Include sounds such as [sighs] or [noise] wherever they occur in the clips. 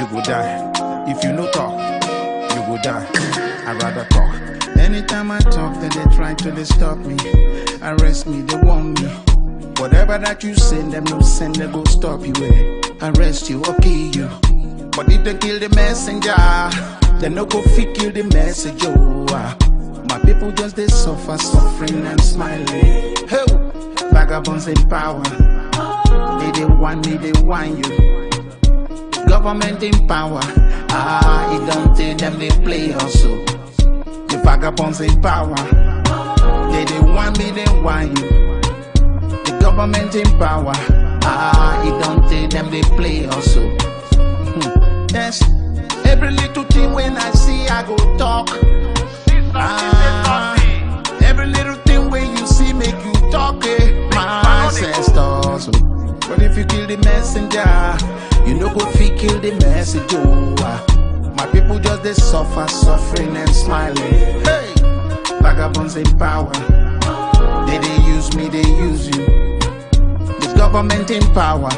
you go die. If you no talk, you go die. I rather talk. Anytime I talk, then they try to they stop me, arrest me, they want me. Whatever that you send, them no send, they go stop you, eh? Arrest you or kill you. But if they kill the messenger, they no go fit kill the message, oh. Ah. My people just they suffer, suffering and smiling. Hey, vagabonds in power, they they want, me, they want you. Government in power, ah, it don't take them they play also. The vagabonds in power, they the want me, they want you. The government in power, ah, it don't take them they play also. Hmm. Yes, every little thing when I see, I go talk. Ah, every little thing when you see, make you talk, eh? it. My ancestors. But if you kill the messenger, you no go fit kill the messenger. my people just they suffer, suffering and smiling. Hey, vagabonds in power. They they use me, they use you. This government in power.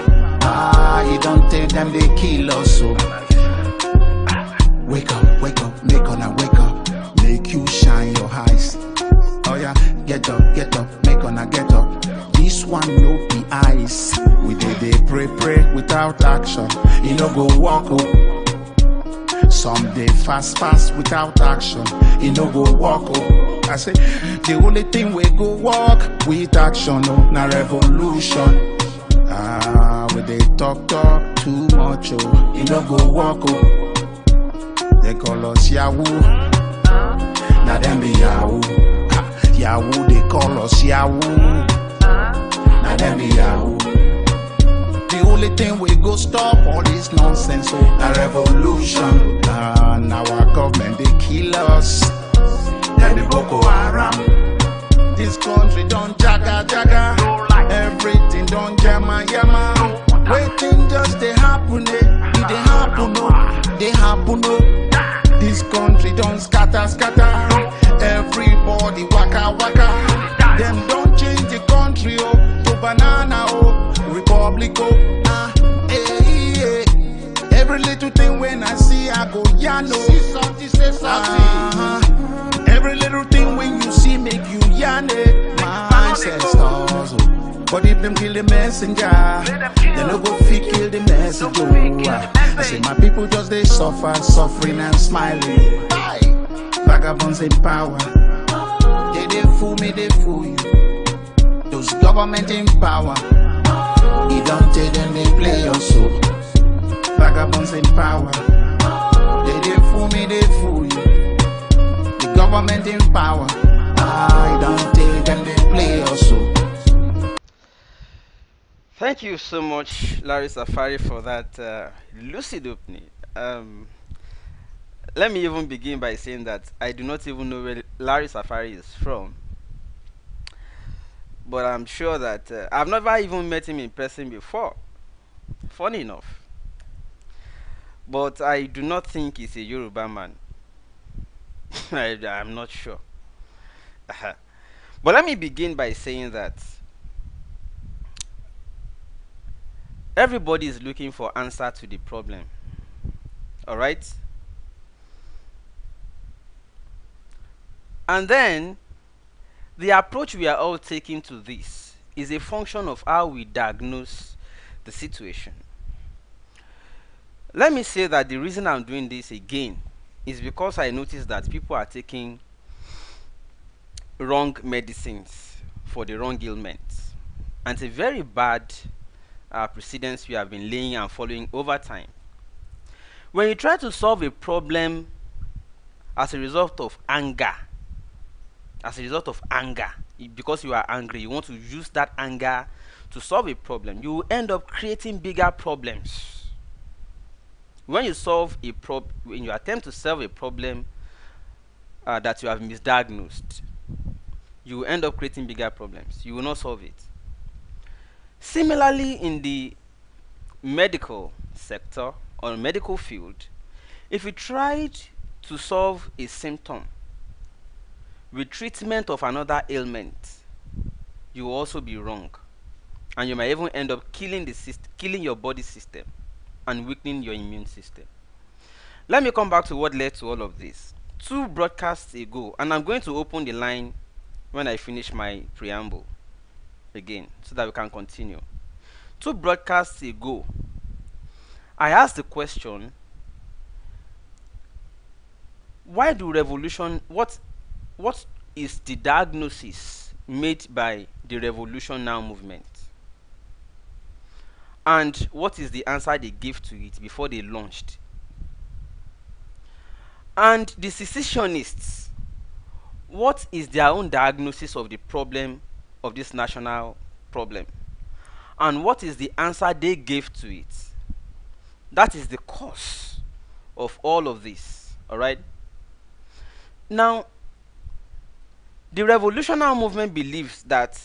Ah, you don't tell them, they kill us. So. Oh. Wake up, wake up, make on a wake up, make you shine your eyes. Oh yeah get up, get up, make on a get up. This one no be eyes. We did they pray, pray without action. You no go walk up. Oh. Some day fast, fast without action. You no go walk up. Oh. I say the only thing we go walk with action, no, oh, na revolution. Ah, we they talk, talk too much, oh. You no go walk up. They call us Yahoo. Now them be Yahoo. Yahoo, they call us Yahoo. Now them be Yahoo. The only thing we go stop all this nonsense, so oh, a revolution. Uh, now our government they kill us. Then be Boko Haram. This country don't jaga jaga. Everything don't yama yama. Waiting just dey happen it. Eh. It they happen oh. They happen oh. This country don't scatter scatter. Everybody waka waka. Them don't change the country, oh, to banana, oh, republic, oh, ah, eh, eh. Every little thing when I see, I go, yeah, no. See something, say something. Uh-huh. Every little thing when you see, make you yarn it. My ancestors, oh. But if them kill the messenger, they no go fit kill the messenger. Oh. I say my people just they suffer, suffering and smiling. Bye. Vagabonds in power. They they fool me, they fool you. Those government in power. You don't take them, they play your soul. Vagabonds in power. They they fool me, they fool you. The government in power. I ah, don't take them, they play your soul. Thank you so much, Larry Safari, for that uh, lucid opening. Um, let me even begin by saying that I do not even know where Larry Safari is from. But I'm sure that uh, I've never even met him in person before. Funny enough. But I do not think he's a Yoruba man. [laughs] I, am not sure. Uh-huh. but let me begin by saying that everybody is looking for answer to the problem. All right? And then the approach we are all taking to this is a function of how we diagnose the situation. Let me say that the reason I'm doing this again is because I noticed that people are taking wrong medicines for the wrong ailments. And it's a very bad uh, precedence we have been laying and following over time. When you try to solve a problem as a result of anger as a result of anger because you are angry you want to use that anger to solve a problem you end up creating bigger problems when you solve a problem. when you attempt to solve a problem uh, that you have misdiagnosed you end up creating bigger problems you will not solve it similarly in the medical sector or medical field if you tried to solve a symptom with treatment of another ailment, you will also be wrong. And you might even end up killing, the syst- killing your body system and weakening your immune system. Let me come back to what led to all of this. Two broadcasts ago, and I'm going to open the line when I finish my preamble again so that we can continue. Two broadcasts ago, I asked the question why do revolution, what what is the diagnosis made by the Revolution Now movement? And what is the answer they gave to it before they launched? And the secessionists, what is their own diagnosis of the problem of this national problem? And what is the answer they gave to it? That is the cause of all of this, all right? Now, the revolutionary movement believes that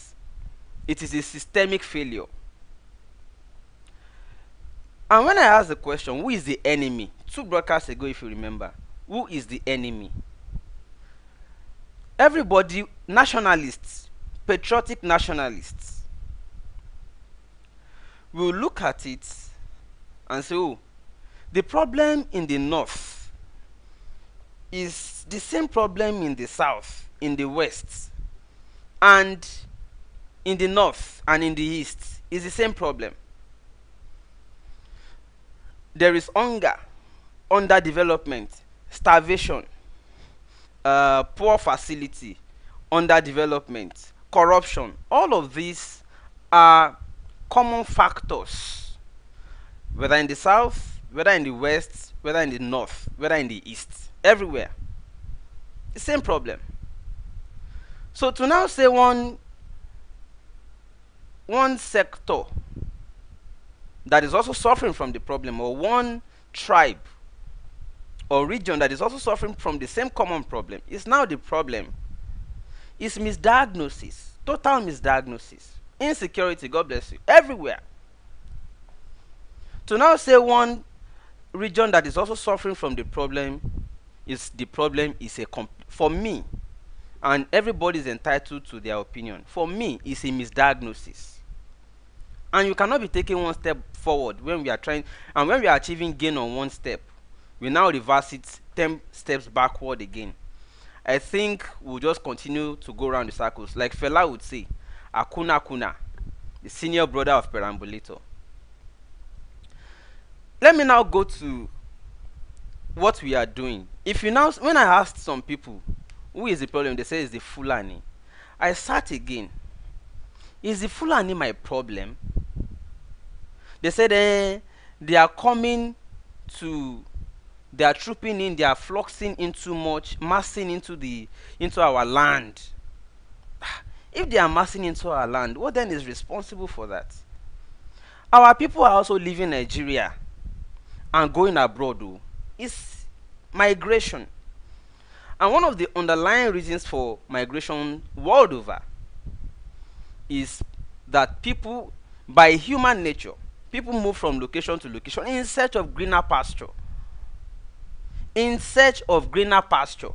it is a systemic failure. And when I asked the question, who is the enemy? Two broadcasts ago, if you remember, who is the enemy? Everybody, nationalists, patriotic nationalists, will look at it and say, oh, the problem in the north is the same problem in the south in the west and in the north and in the east is the same problem. There is hunger, underdevelopment, starvation, uh, poor facility, underdevelopment, corruption. All of these are common factors, whether in the south, whether in the west, whether in the north, whether in the east, everywhere. The same problem. So to now say one one sector that is also suffering from the problem or one tribe or region that is also suffering from the same common problem is now the problem is misdiagnosis total misdiagnosis insecurity god bless you everywhere to now say one region that is also suffering from the problem is the problem is a for me and everybody is entitled to their opinion. For me, it's a misdiagnosis. And you cannot be taking one step forward when we are trying and when we are achieving gain on one step, we now reverse it 10 steps backward again. I think we'll just continue to go around the circles. Like Fela would say, Akuna Kuna, the senior brother of Perambulito. Let me now go to what we are doing. If you now, when I asked some people who is the problem? They say it's the Fulani. I start again. Is the Fulani my problem? They said eh, they are coming to they are trooping in, they are flocking in too much, massing into the into our land. [sighs] If they are massing into our land, what then is responsible for that? Our people are also leaving Nigeria and going abroad. Though. It's migration. And one of the underlying reasons for migration world over is that people, by human nature, people move from location to location in search of greener pasture. In search of greener pasture.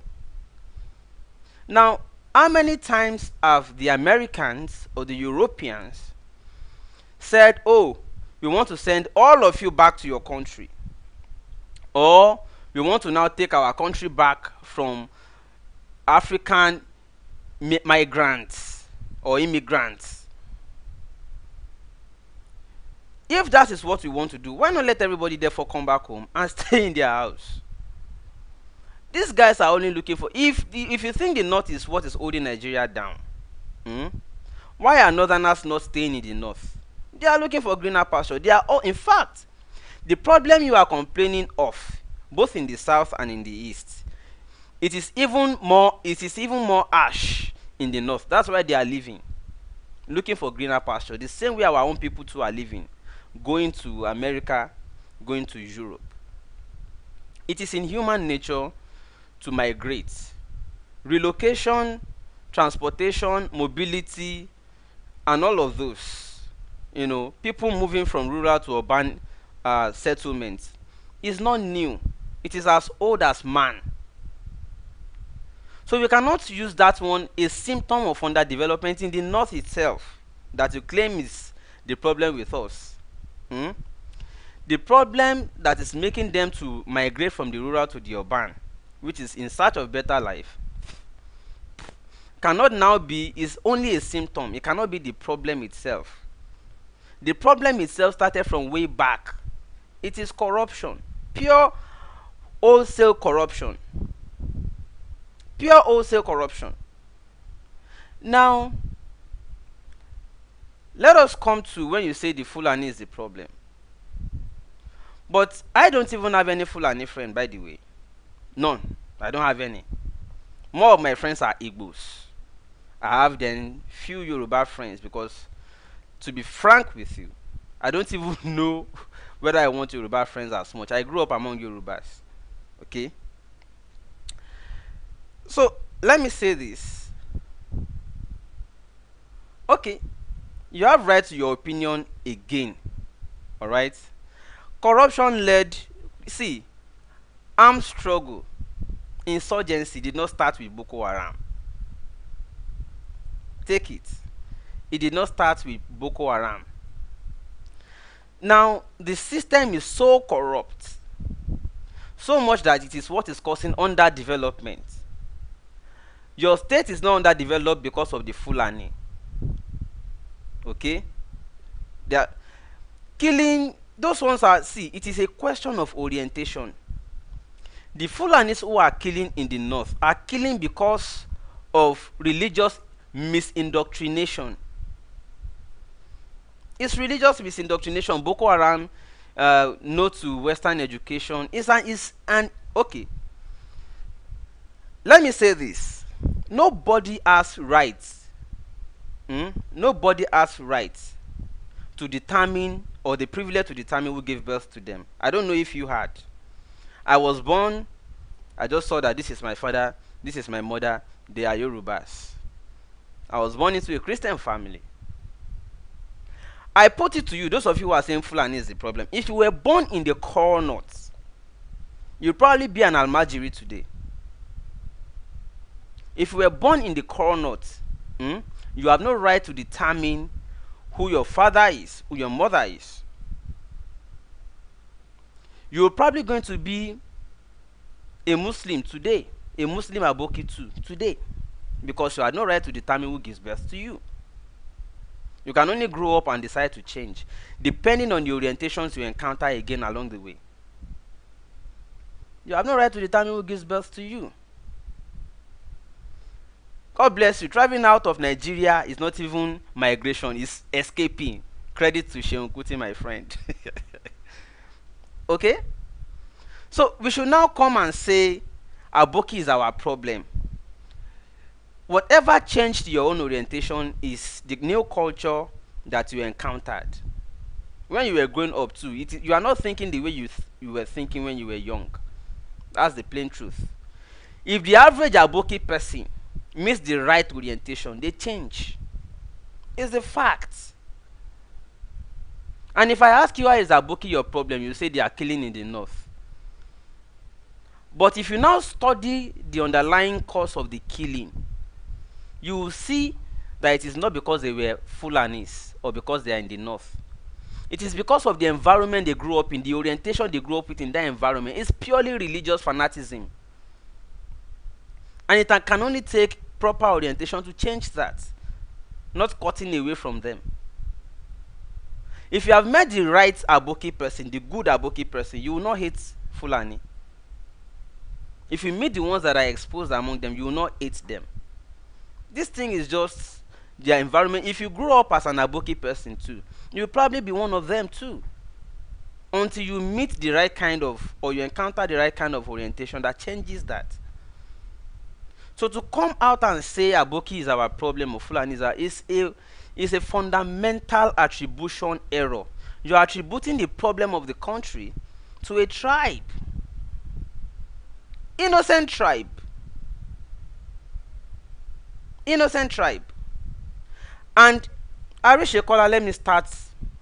Now, how many times have the Americans or the Europeans said, oh, we want to send all of you back to your country? Or we want to now take our country back from African migrants or immigrants. If that is what we want to do, why not let everybody therefore come back home and [laughs] stay in their house? These guys are only looking for if the, if you think the north is what is holding Nigeria down, hmm, why are northerners not staying in the north? They are looking for greener pasture. They are all in fact the problem you are complaining of, both in the south and in the east, it is even more it is even more ash in the north that's why they are leaving looking for greener pasture the same way our own people too are leaving going to america going to europe it is in human nature to migrate relocation transportation mobility and all of those you know people moving from rural to urban uh, settlements is not new it is as old as man So you cannot use that one a symptom of underdevelopment in the north itself that you claim is the problem with us. Hmm? The problem that is making them to migrate from the rural to the urban, which is in search of better life, cannot now be is only a symptom. It cannot be the problem itself. The problem itself started from way back. It is corruption, pure wholesale corruption pure wholesale corruption. Now, let us come to when you say the Fulani is the problem. But I don't even have any Fulani friend, by the way. None. I don't have any. More of my friends are Igbos. I have then few Yoruba friends because, to be frank with you, I don't [laughs] even know whether I want Yoruba friends as much. I grew up among Yorubas. Okay? so let me say this okay you have right to your opinion again all right corruption led see armed struggle insurgency did not start with boko haram take it it did not start with boko haram now the system is so corrupt so much that it is what is causing underdevelopment your state is not underdeveloped because of the Fulani. Okay? They are killing those ones are see, it is a question of orientation. The Fulanis who are killing in the north are killing because of religious misindoctrination. It's religious misindoctrination. Boko Haram, uh, no to Western education. It's an, it's an okay. Let me say this nobody has rights hmm? nobody has rights to determine or the privilege to determine who gave birth to them i don't know if you had i was born i just saw that this is my father this is my mother they are yorubas i was born into a christian family i put it to you those of you who are saying fulani is the problem if you were born in the core north you'd probably be an almajiri today if you were born in the coral hmm, you have no right to determine who your father is, who your mother is. You're probably going to be a Muslim today, a Muslim aboki too, today, because you have no right to determine who gives birth to you. You can only grow up and decide to change, depending on the orientations you encounter again along the way. You have no right to determine who gives birth to you. God bless you. Traveling out of Nigeria is not even migration, it's escaping. Credit to Sheon Kuti, my friend. [laughs] okay? So we should now come and say Aboki is our problem. Whatever changed your own orientation is the new culture that you encountered. When you were growing up, too, it, you are not thinking the way you, th you were thinking when you were young. That's the plain truth. If the average Aboki person miss the right orientation, they change. It's a fact. And if I ask you why is Aboki your problem, you say they are killing in the north. But if you now study the underlying cause of the killing, you will see that it is not because they were Fulanis or because they are in the north. It is because of the environment they grew up in, the orientation they grew up with in that environment. It's purely religious fanaticism. And it can only take proper orientation to change that, not cutting away from them. If you have met the right Aboki person, the good Aboki person, you will not hate Fulani. If you meet the ones that are exposed among them, you will not hate them. This thing is just their environment. If you grow up as an Aboki person too, you'll probably be one of them too. Until you meet the right kind of, or you encounter the right kind of orientation that changes that. So to come out and say Aboki is our problem or Fulani is, a, is a fundamental attribution error. You are attributing the problem of the country to a tribe. Innocent tribe. Innocent tribe. And Arishekola, let me start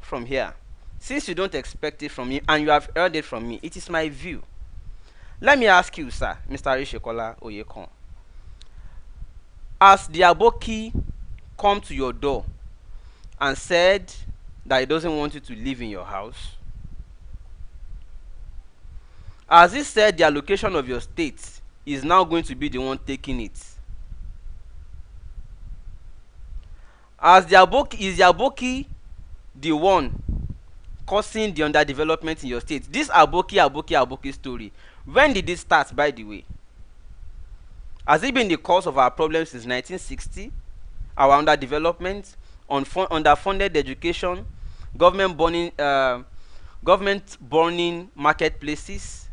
from here. Since you don't expect it from me and you have heard it from me, it is my view. Let me ask you, sir, Mr. Arishekola Oyekon. As the aboki come to your door and said that he doesn't want you to live in your house? As he said the allocation of your state is now going to be the one taking it? As the aboki is the aboki the one causing the underdevelopment in your state? This aboki aboki aboki story, when did it start by the way? Has it been the cause of our problems since 1960? Our underdevelopment, underfunded education, government burning, uh, government burning marketplaces,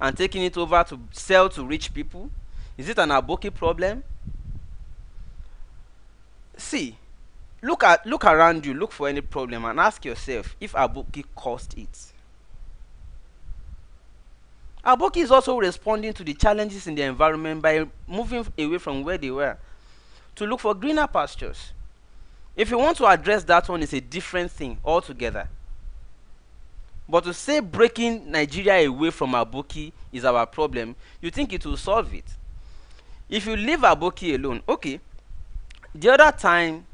and taking it over to sell to rich people? Is it an Aboki problem? See, look at look around you, look for any problem, and ask yourself if Aboki caused it. Aboki is also responding to the challenges in the environment by moving away from where they were to look for greener pastures. If you want to address that one, it's a different thing altogether. But to say breaking Nigeria away from Aboki is our problem, you think it will solve it. If you leave Aboki alone, okay. The other time,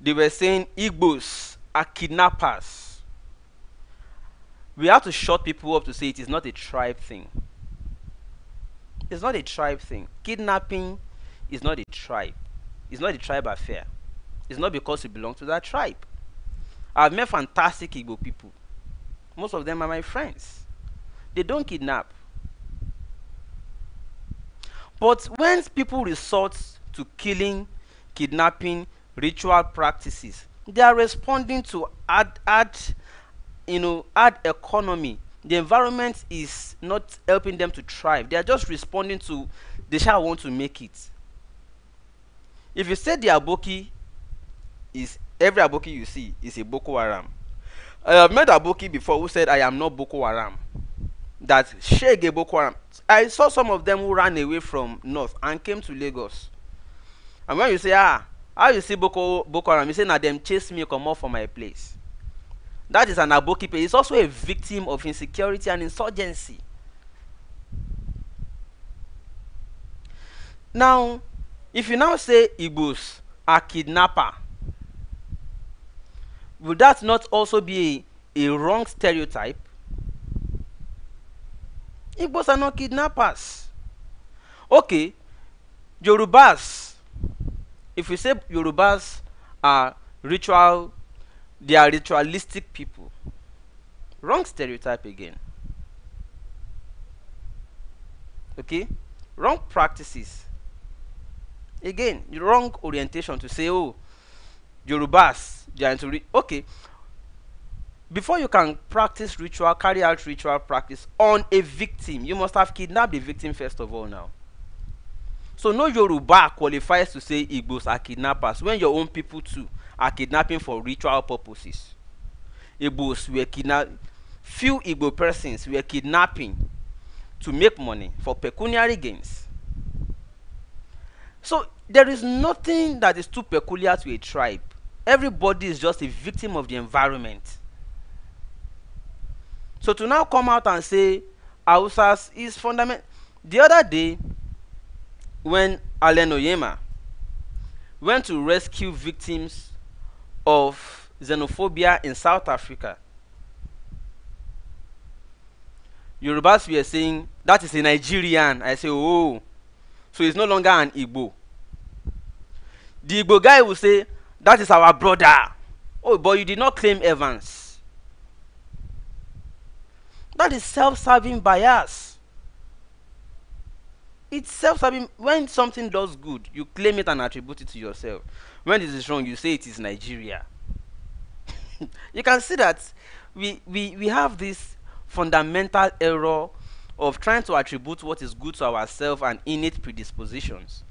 they were saying Igbos are kidnappers we have to shut people up to say it is not a tribe thing. It's not a tribe thing. Kidnapping is not a tribe. It's not a tribe affair. It's not because you belong to that tribe. I've met fantastic Igbo people. Most of them are my friends. They don't kidnap. But when people resort to killing, kidnapping, ritual practices, they are responding to ad, ad you know hard economy the environment is not helping them to thrive they are just responding to they shall want to make it if you say the aboki is every aboki you see is a boko haram i have met aboki before who said i am not boko haram that shege boko haram i saw some of them who ran away from north and came to lagos and when you say ah how you see boko boko haram you say na dem chase me comot for my place that is an abokipe he is also a victim of insecurity and insurgency. now if you now say igbos are kidnapper would that not also be a, a wrong stereotype igbos are not kidnappers okay yorubas if you say yorubas are ritual They are ritualistic people. Wrong stereotype again. Okay? Wrong practices. Again, wrong orientation to say, oh, Yorubas, they are into. okay. Before you can practice ritual, carry out ritual practice on a victim, you must have kidnapped the victim first of all now. So no Yoruba qualifies to say Igbos are kidnappers when your own people too are kidnapping for ritual purposes. Igbos were kidnapping, few Igbo persons were kidnapping to make money for pecuniary gains. So there is nothing that is too peculiar to a tribe. Everybody is just a victim of the environment. So to now come out and say Hausas is fundamental. The other day, when Alenoyema Oyema went to rescue victims of xenophobia in South Africa. Yorubas are saying that is a Nigerian. I say, oh, so it's no longer an Igbo. The Igbo guy will say, that is our brother. Oh, but you did not claim Evans. That is self serving bias. It's self serving. When something does good, you claim it and attribute it to yourself when is wrong, you say it is Nigeria. [laughs] you can see that we, we, we have this fundamental error of trying to attribute what is good to ourselves and innate predispositions.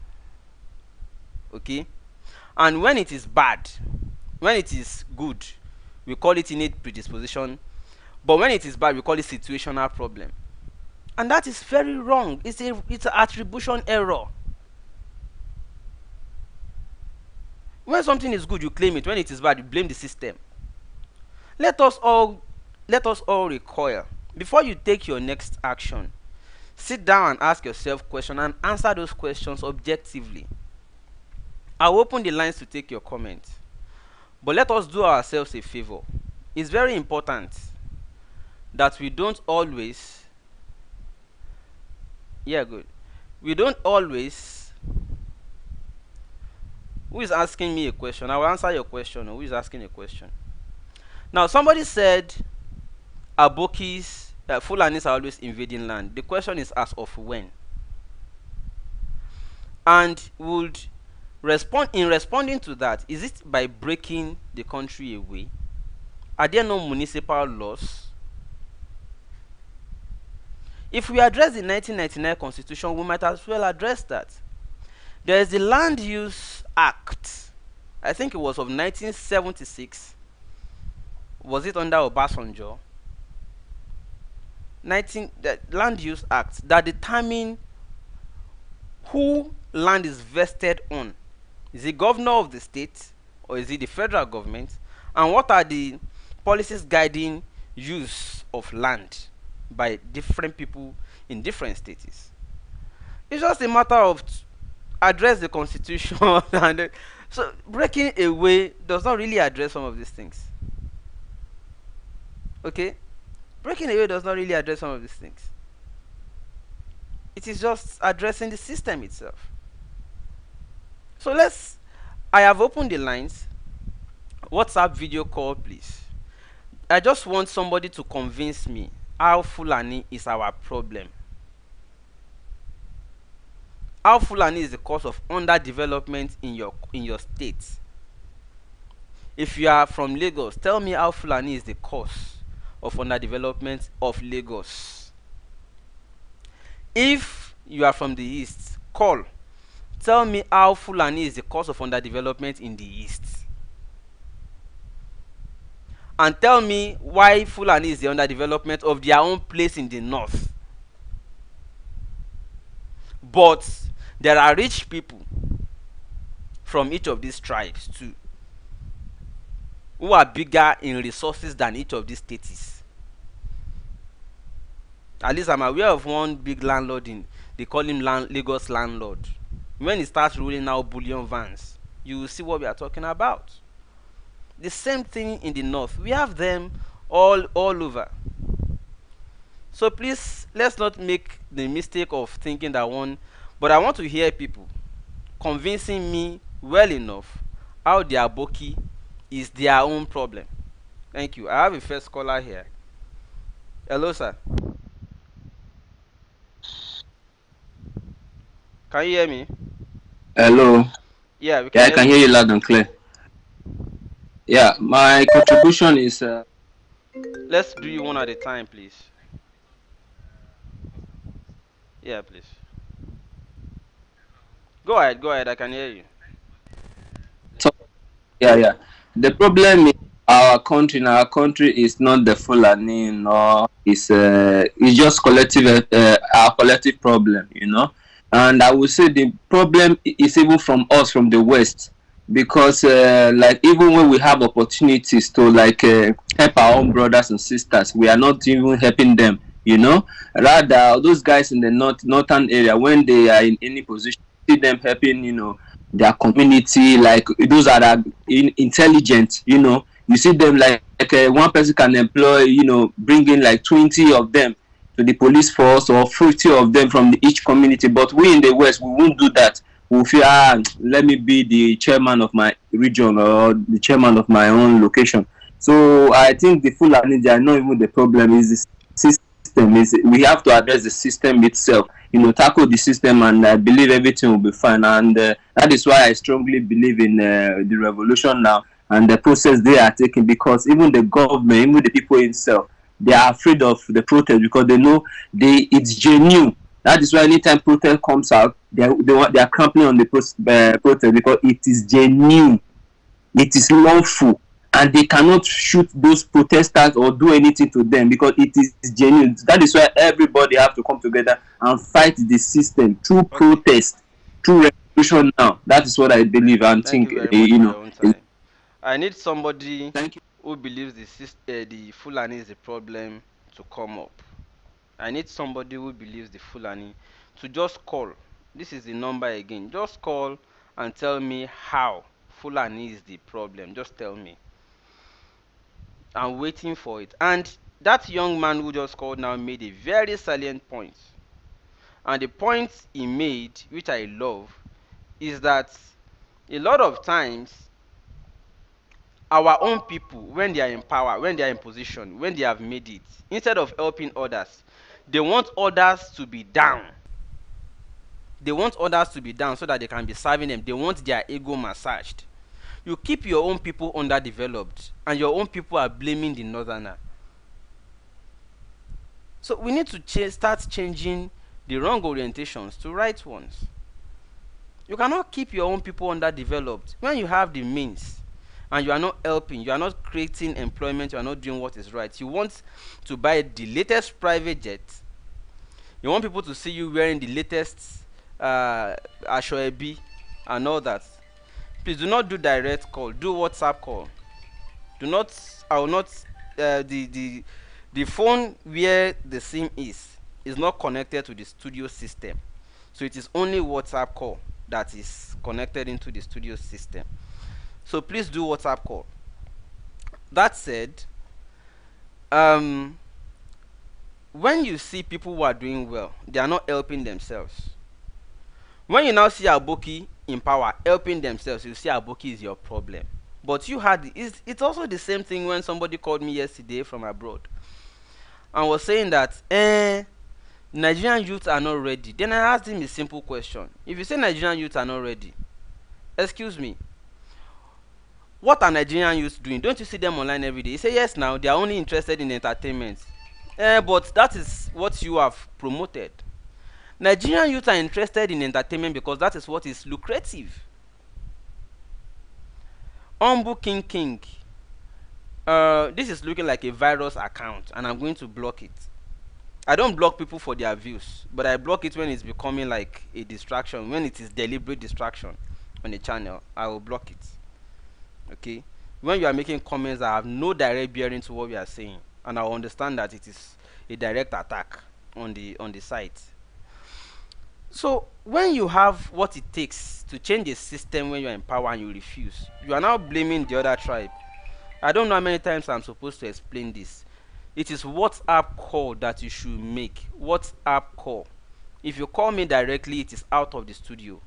Okay? And when it is bad, when it is good, we call it innate predisposition. But when it is bad, we call it situational problem. And that is very wrong. It's, a, it's an attribution error. When something is good, you claim it. When it is bad, you blame the system. Let us all let us all recoil. Before you take your next action, sit down and ask yourself questions and answer those questions objectively. I'll open the lines to take your comments. But let us do ourselves a favor. It's very important that we don't always yeah good we don't always who is asking me a question? I will answer your question. Who is asking a question? Now, somebody said Abokis, uh, Fulanis are always invading land. The question is as of when? And would respond in responding to that, is it by breaking the country away? Are there no municipal laws? If we address the 1999 constitution, we might as well address that. There is the Land Use Act. I think it was of 1976. Was it under Obasanjo? 19 the Land Use Act that determine who land is vested on. Is it governor of the state or is it the federal government? And what are the policies guiding use of land by different people in different states? It's just a matter of address the constitution [laughs] and so breaking away does not really address some of these things okay breaking away does not really address some of these things it is just addressing the system itself so let's i have opened the lines whatsapp video call please i just want somebody to convince me how fulani is our problem how Fulani is the cause of underdevelopment in your in your state. If you are from Lagos, tell me how Fulani is the cause of underdevelopment of Lagos. If you are from the east, call. Tell me how Fulani is the cause of underdevelopment in the east. And tell me why Fulani is the underdevelopment of their own place in the north. But there are rich people from each of these tribes too who are bigger in resources than each of these states at least i'm aware of one big landlord in they call him land, lagos landlord when he starts rolling out bullion vans you will see what we are talking about the same thing in the north we have them all all over so please let's not make the mistake of thinking that one but I want to hear people convincing me well enough how their boki is their own problem. Thank you. I have a first caller here. Hello, sir. Can you hear me? Hello. Yeah, we can yeah, I can hear you loud and clear. Yeah, my contribution is. Uh... Let's do you one at a time, please. Yeah, please. Go ahead, go ahead. I can hear you. So, yeah, yeah. The problem in our country, in our country, is not the Fulani, nor it's uh, it's just collective uh, our collective problem, you know. And I would say the problem is even from us, from the West, because uh, like even when we have opportunities to like uh, help our own brothers and sisters, we are not even helping them you know rather those guys in the north northern area when they are in any position see them helping, you know, their community. Like those are that in, intelligent, you know. You see them like, like uh, one person can employ, you know, bringing like 20 of them to the police force or 50 of them from the, each community. But we in the West, we won't do that. We'll feel, ah, let me be the chairman of my region or the chairman of my own location. So I think the full they are not even the problem. Is the system is we have to address the system itself you know tackle the system and i believe everything will be fine and uh, that is why i strongly believe in uh, the revolution now and the process they are taking because even the government even the people itself they are afraid of the protest because they know they it's genuine that is why anytime protest comes out they are, they, want, they are cramping on the uh, protest because it is genuine it is lawful and they cannot shoot those protesters or do anything to them because it is genuine. That is why everybody have to come together and fight the system through okay. protest, through revolution. Now, that is what I believe and Thank think. You, uh, you know, I need somebody who believes the uh, the Fulani is a problem to come up. I need somebody who believes the Fulani to just call. This is the number again. Just call and tell me how Fulani is the problem. Just tell me and waiting for it. And that young man who just called now made a very salient point. And the point he made, which I love, is that a lot of times our own people, when they are in power, when they are in position, when they have made it, instead of helping others, they want others to be down. They want others to be down so that they can be serving them. They want their ego massaged you keep your own people underdeveloped and your own people are blaming the northerner so we need to ch start changing the wrong orientations to right ones you cannot keep your own people underdeveloped when you have the means and you are not helping you are not creating employment you are not doing what is right you want to buy the latest private jet you want people to see you wearing the latest uh, ashoebi and all that please do not do direct call do whatsapp call do not i will not uh, the the the phone where the sim is is not connected to the studio system so it is only whatsapp call that is connected into the studio system so please do whatsapp call that said um when you see people who are doing well they are not helping themselves when you now see aboki in power helping themselves you see aboki is your problem but you had it's, it's also the same thing when somebody called me yesterday from abroad and was saying that eh nigerian youths are not ready then i asked him a simple question if you say nigerian youths are not ready excuse me what are nigerian youths doing don't you see them online every day he say yes now they are only interested in entertainment eh but that is what you have promoted Nigerian youth are interested in entertainment because that is what is lucrative. Humble King King. Uh, this is looking like a virus account and I'm going to block it. I don't block people for their views, but I block it when it's becoming like a distraction, when it is deliberate distraction on the channel, I will block it. Okay? When you are making comments that have no direct bearing to what we are saying, and I understand that it is a direct attack on the on the site so when you have what it takes to change a system when you are in power and you refuse, you are now blaming the other tribe. I don't know how many times I'm supposed to explain this. It is WhatsApp call that you should make. WhatsApp call. If you call me directly, it is out of the studio.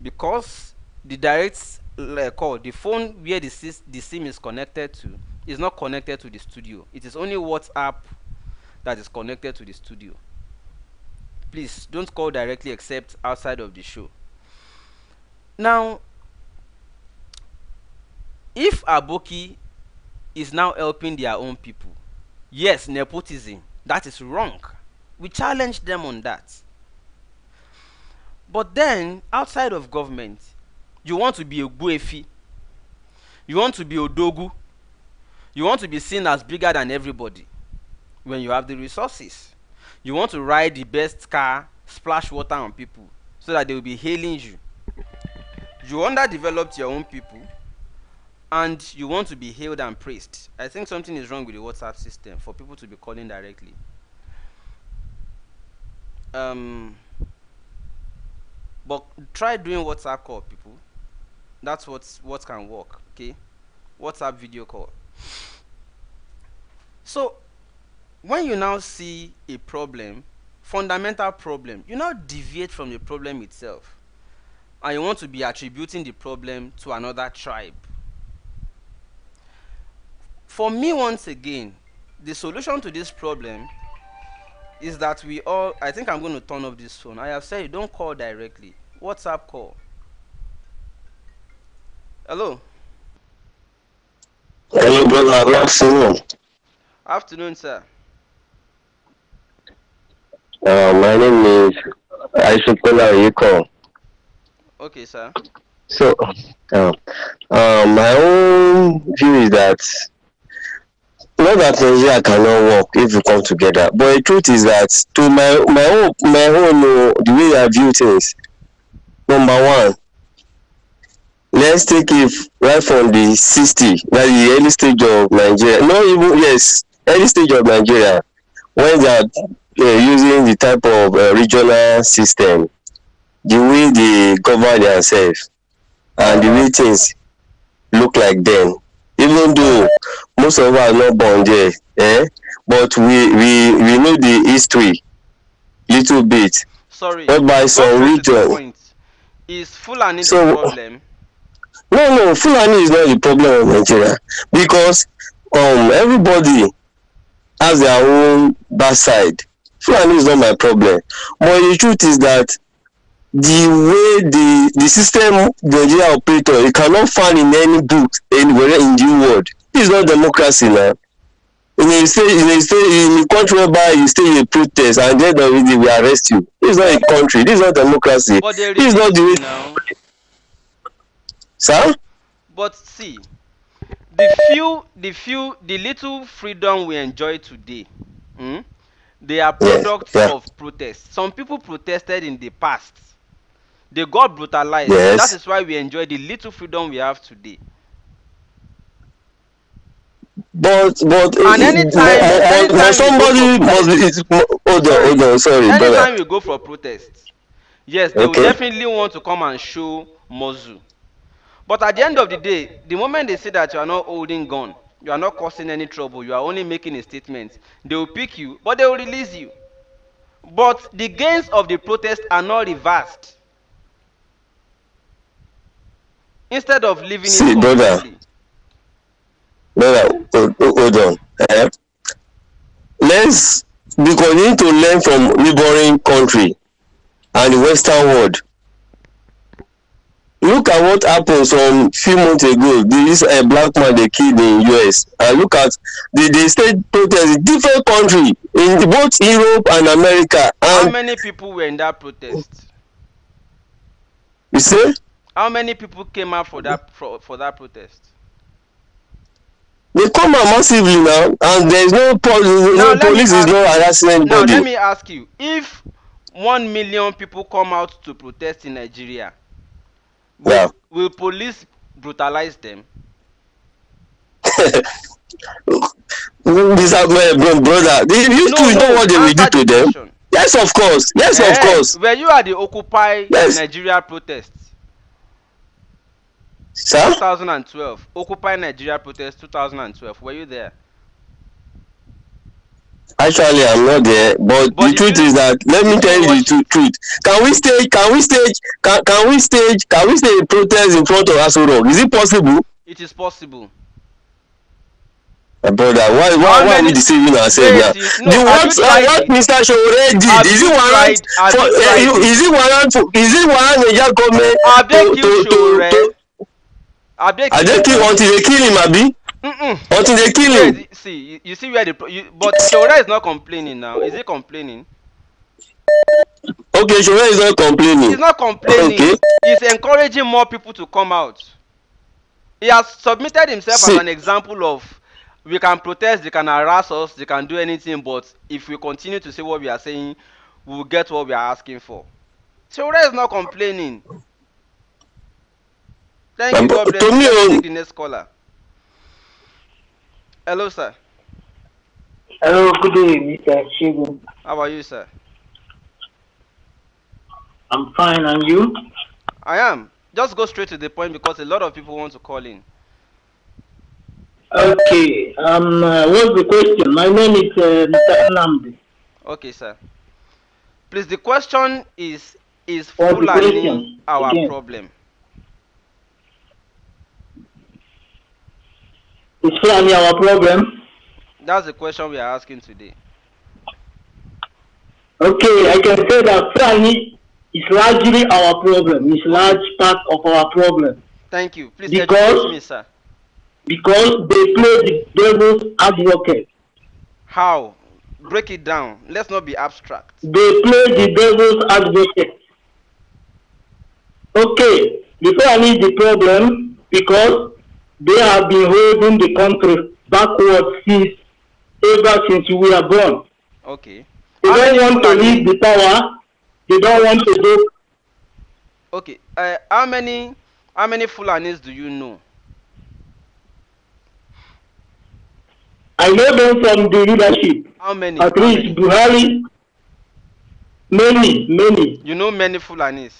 Because the direct uh, call, the phone where the, the SIM is connected to, is not connected to the studio. It is only WhatsApp that is connected to the studio please don't call directly except outside of the show now if aboki is now helping their own people yes nepotism that is wrong we challenge them on that but then outside of government you want to be a guefi. you want to be odogu you want to be seen as bigger than everybody when you have the resources you want to ride the best car splash water on people so that they will be hailing you you underdeveloped your own people and you want to be hailed and praised i think something is wrong with the whatsapp system for people to be calling directly um but try doing whatsapp call people that's what what can work okay whatsapp video call so when you now see a problem fundamental problem you now deviate from the problem itself and you want to be attributing the problem to another tribe for me once again the solution to this problem is that we all i think i'm going to turn off this phone i have said don't call directly whatsapp call hello hello brother afternoon afternoon sir Uh, my name is Aishukola Oyeko. Okay, sir. So, uh, uh, my own view is that not that Nigeria cannot work if we come together, but the truth is that to my my own my own uh, the way I view things. Number one, let's take it right from the sixty, that the early stage of Nigeria. No, even yes, early stage of Nigeria, when that using the type of uh, regional system, the way they govern themselves, and the way things look like then. Even though most of us are not born there, eh? but we, we, we know the history little bit. Sorry, but by some region. Is Fulani so, the uh, problem? No, no, Fulani is not the problem of Nigeria because um, everybody has their own bad side. Fulani is not my problem. But the truth is that the way the the system the Nigeria operator you cannot find in any book anywhere in the world. This is not democracy man. In a state in a state in a country whereby you stay in a protest and then the reason we arrest you. It's not a country. This is not democracy. It's not the way. Now. Sir? But see, the few the few the little freedom we enjoy today. Hmm? They are products yeah, of protest. Some people protested in the past. They got brutalized. Yes. That is why we enjoy the little freedom we have today. But but and eh, eh, anytime, uh, anytime somebody must be it's, hold on hold on sorry anytime brother. we go for protest yes they okay. will definitely want to come and show muzzle but at the end of the day the moment they see that you are not holding gun You are not causing any trouble. You are only making a statement. They will pick you, but they will release you. But the gains of the protest are not reversed. Instead of leaving See, it brother, brother, hold, hold on. Eh? Let's we continue to learn from neighboring country and the Western world look at what happen some few months ago this uh, black man dey killed in us and look at the the state protest in different country in both europe and america. And how many people were in that protest. you say. how many people came out for that for, for that protest. they come out massively now and there is no, pol no police is no harassing anybody. now let me ask you if one million people come out to protest in nigeria Will, yeah. will police brutalize them? [laughs] Mr. Uh, brother, you no, two know what they will do to them? Question. Yes, of course. Yes, yes, of eh, course. Were you at the Occupy yes. Nigeria protests? Sir? 2012. Occupy Nigeria protest 2012. Were you there? Actually, I'm not there, but, but the truth is that let me tell you the truth. Can we stage? Can we stage? Can, can we stage? Can we stage a protest in front of Aso Is it possible? It is possible. My brother, why why why are we deceiving ourselves now? No, the what what Mr. Sowore did is it warrant for uh, is it warrant for is it warrant Naija government to to to to? Abeg you until they kill him, abi o tún dey kill him. see you see where the you, but Shora is not complaining now is he complaining. okay Shora is not complaining. he's not complaining okay. he's encouraging more people to come out he has submitted himself see. as an example of we can protest they can harass us they can do anything but if we continue to say what we are saying we get what we are asking for. Shora is not complaining. Thank you God bless you. Oh. Take the next caller. Hello, sir. Hello, good day, Mr. Shigun. How are you, sir? I'm fine, and you? I am. Just go straight to the point because a lot of people want to call in. Okay. Um, uh, what's the question? My name is uh, Mr. Nambi. Okay, sir. Please, the question is: Is Fulani our Again. problem? Is Fulani our problem? That's the question we are asking today. Okay, I can say that Fulani is largely our problem. It's large part of our problem. Thank you. Please because, me, sir. Because they play the devil's advocate. How? Break it down. Let's not be abstract. They play the devil's advocate. Okay, the Fulani is the problem because They have been holding the country backward since ever since we are born. Okay. They don't want to leave the power. They don't want to go. Okay. Uh, how many how many Fulanis do you know? I know them from the leadership. How many? At least Buhari. Many, many. You know many Fulanis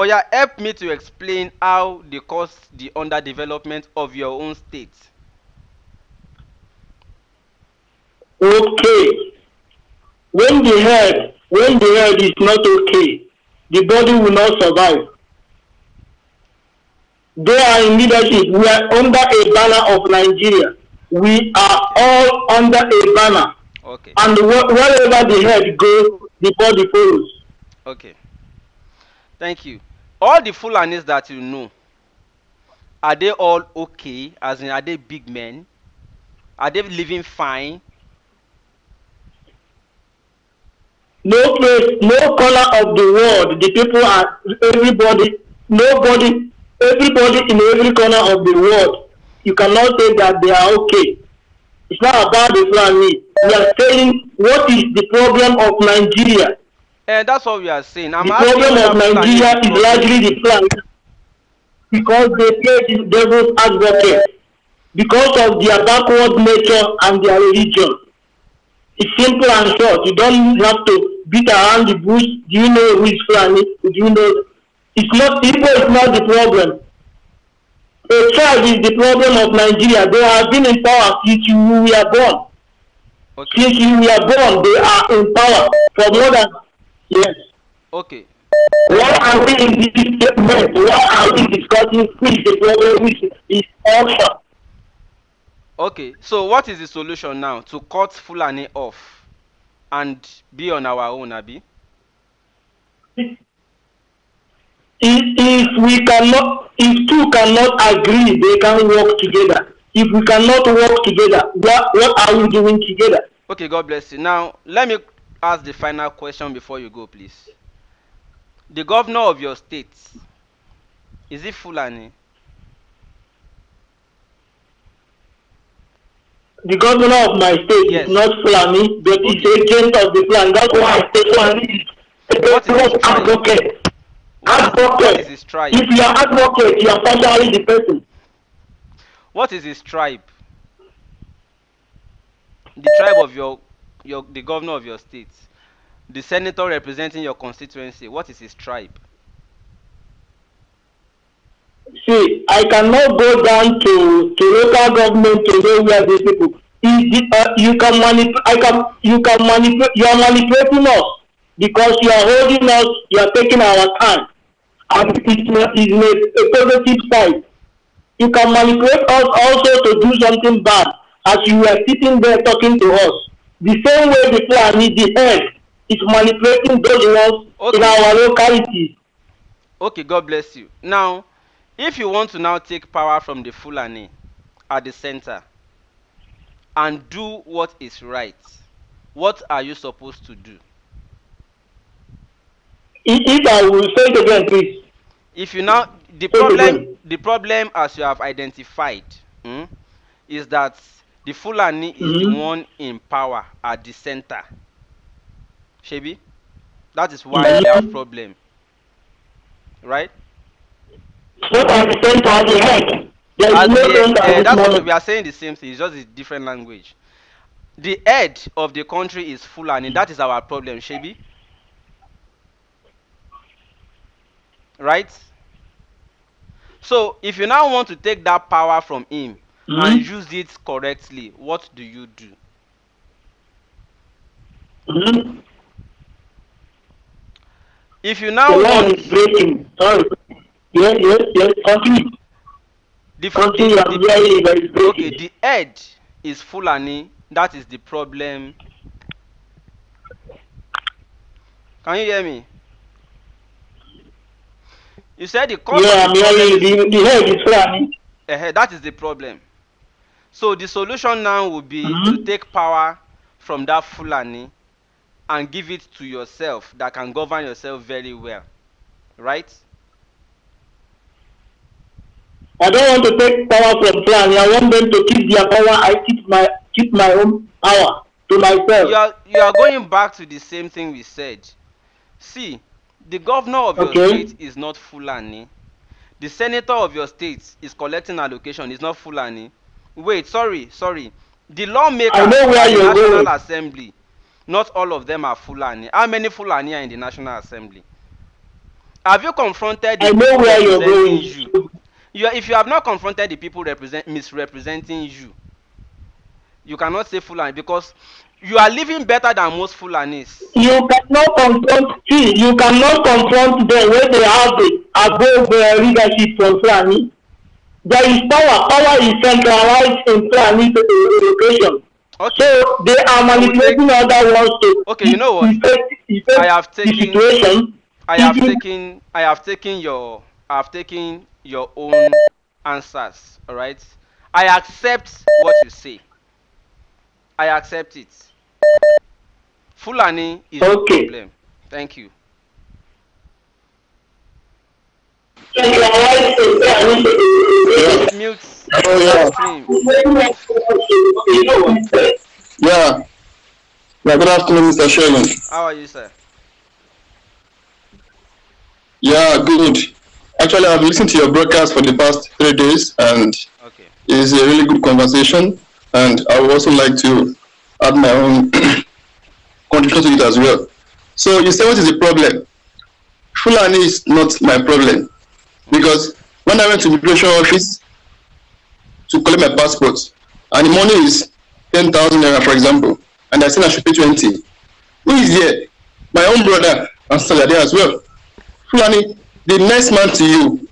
oya help me to explain how they cause the underdevelopment of your own state. okay when the head when the head is not okay the body will not survive they are in leadership we are under a banner of nigeria we are all under a banner okay and wh wherever the head goes the body follows okay thank you all the fulanis that you know are they all okay as in are they big men are they living fine. no place no corner of the world the people are everybody nobody everybody in every corner of the world you cannot say that they are okay it's not about the fulani we are saying what is the problem of nigeria Uh, that's what we are saying. I'm the problem of Nigeria is largely the plant because they play the devil's advocate because of their backward nature and their religion. It's simple and short. You don't have to beat around the bush. Do you know who is Fulani? Do you know? It's not people. It's not the problem. A tribe is the problem of Nigeria. They have been in power since we were born. Okay. Since we were born, they are in power for more than Yes. Okay. Why are we in this statement? Why are we discussing with the problem which is auction? Okay, so what is the solution now? To cut Fulani off and be on our own, Abi? If, if we cannot, if two cannot agree, they can work together. If we cannot work together, what, what are we doing together? Okay, God bless you. Now, let me ask the final question before you go, please. The governor of your state, is it Fulani? The governor of my state yes. is not Fulani, but okay. agent of the plan. That's why I say Fulani what is his advocate. Advocate. What is his tribe? If you are advocate, you are partially the person. What is his tribe? The tribe of your your the governor of your state, the senator representing your constituency, what is his tribe? See, I cannot go down to, to local government to know where these people. uh, you can manipulate. I can. You can manipulate. You are manipulating us because you are holding us. You are taking our time, and it's not, it's a positive side. You can manipulate us also to do something bad, as you are sitting there talking to us. the same way the Fulani the end is manipulating those ones okay. in our locality. okay God bless you now if you want to now take power from the Fulani at the center and do what is right what are you supposed to do. if, if I will say it again please. if you now the problem the problem as you have identified mm, is that the Fulani is the mm-hmm. one in power at the center. Shebi, that is why mm-hmm. they have problem, right? at the center, the eh, that's what we are saying the same thing. It's just a different language. The head of the country is Fulani. That is our problem, Shebi. Right? So if you now want to take that power from him, mm. and mm-hmm. use it correctly, what do you do? Mm. If you now the line is breaking. Sorry. Yes, yes, yes. Continue. The, Continue. The, the, is okay, the edge is Fulani. That is the problem. Can you hear me? You said the Yeah, I'm hearing the, the head is Fulani. Uh, that is the problem. So the solution now would be mm -hmm. to mm-hmm. take power from that Fulani and give it to yourself that can govern yourself very well. Right? I don't want to take power from Fulani. I want them to keep their power. I keep my keep my own power to myself. You are, you are going back to the same thing we said. See, the governor of okay. your state is not Fulani. The senator of your state is collecting allocation, is not Fulani. wait sorry sorry the lawmakers in the national going. assembly not all of them are fulani how many fulani are in the national assembly have you confronted the I people representing you you if you have not confronted the people represent misrepresenting you you cannot say fulani because you are living better than most fulanis. you cannot confront see you cannot confront them when they have the above uh, leadership from fulani there is power. Power is centralized in plan into education. Okay. So they are manipulating take... other ones to. Okay, you know what? Effect, effect I have taken. I have taken. I have taken your. I have taken your own answers. All right. I accept what you say. I accept it. Fulani is okay. the problem. Thank you. Thank you. oh, yeah. Yeah. yeah. Good afternoon, Mr. Sherman. How are you, sir? Yeah, good. Actually, I've listened to your broadcast for the past three days, and okay. it's a really good conversation. And I would also like to add my own [clears throat] contribution to it as well. So you say what is the problem? Fulani is not my problem because when I went to the immigration office, to collect my passport, and the money is 10,000 naira, for example, and I said I should pay 20. Who is there? My own brother and son are there as well. Fulani, the next man to you,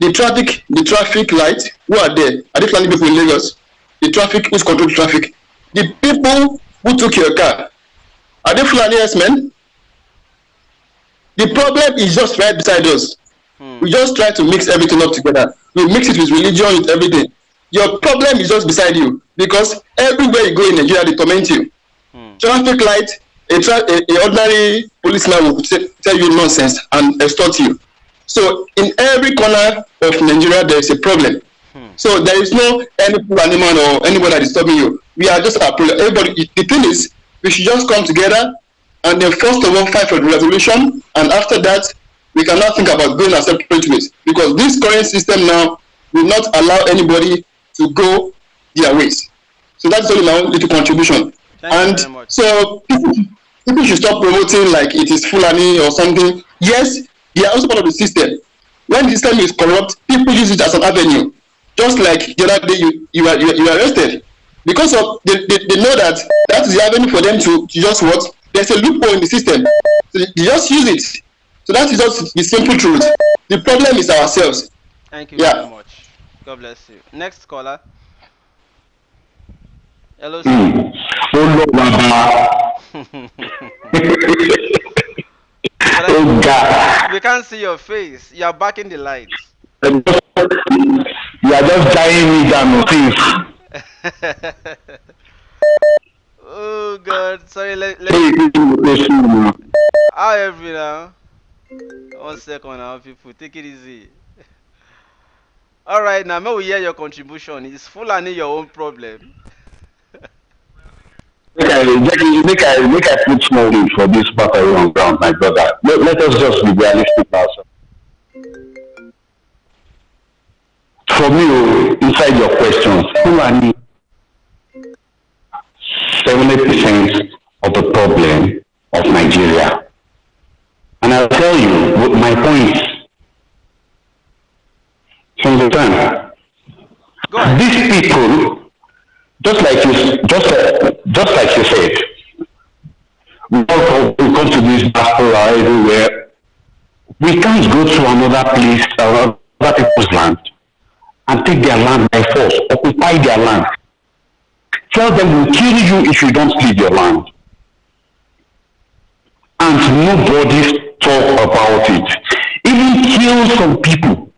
the traffic, the traffic light, who are there? Are they Fulani people in Lagos? The traffic, who's control traffic? The people who took your car, are they Fulani men? The problem is just right beside us. Hmm. We just try to mix everything up together. We mix it with religion, with everything your problem is just beside you because everywhere you go in nigeria they torment you mm. traffic light a, tra a, a ordinary policeman will tell you nonsense and extort you so in every corner of nigeria there is a problem hmm. so there is no any poor animal or anyone that is stopping you we are just our problem everybody the thing is we should just come together and then first of all fight for the resolution and after that we cannot think about going a separate ways because this current system now will not allow anybody to go their ways. So that's only my little contribution. Thank and so people, people should stop promoting like it is Fulani or something. Yes, they are also part of the system. When the system is corrupt, people use it as an avenue. Just like the other day you, you, are, you, you are arrested. Because of they, they, they know that that is the avenue for them to, to just what? There's a loophole in the system. So they just use it. So that is just the simple truth. The problem is ourselves. Thank you yeah. very much. God bless you. Next caller. Hello, sir. Hmm. Oh, no, [laughs] oh, God. We can't see your face. You are back in the light. You are just dying me down, thief. [laughs] oh, God. Sorry, let, let me... How every now? One second now, people. Take it easy. all right now may we hear your contribution is fulani your own problem. make i make i make i put small leaf for this matter on ground my brother let, let us just be realistic now sir. for me oh, inside your questions fulani seventy percent of the problem of nigeria and I'll tell you my point another place or uh, other people's land and take their land by force, occupy their land. Tell them we'll kill you if you don't leave your land. And nobody talk about it. Even kill some people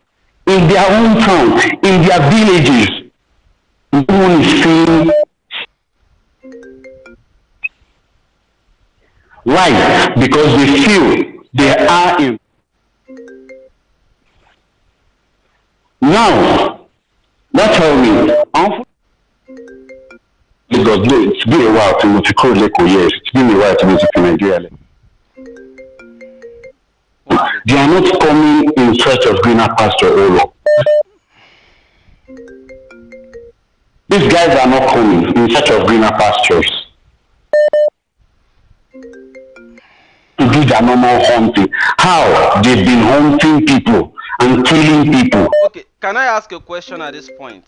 in their own town, in their villages. No one is saying why? Because they feel they are in now wọ́n tell me because it's been a while to mo ti kúrò yes it's been a while to mo ti fi They are not coming in search of greener pasture o oh These guys are not coming in search of greener pastures. To do their normal hunting. How? They've been hunting people and killing people. Okay. Can I ask a question at this point?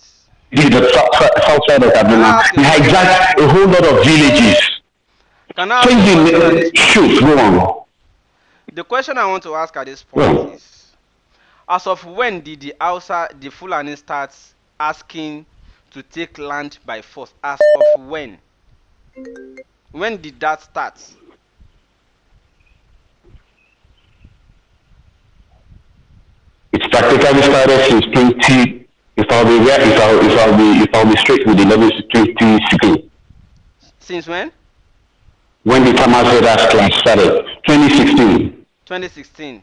This the south side of Kaduna. He hijacked a whole lot of villages. Can I ask Shoot, go on. The question I want to ask at this point yeah. is, as of when did the Hausa, the Fulani start asking to take land by force? As of when? When did that start? it's practically started since 20. If I'll be if I'll if I'll be if I'll be straight with the numbers, 2016. Since when? When the Thomas class started, 2016. 2016.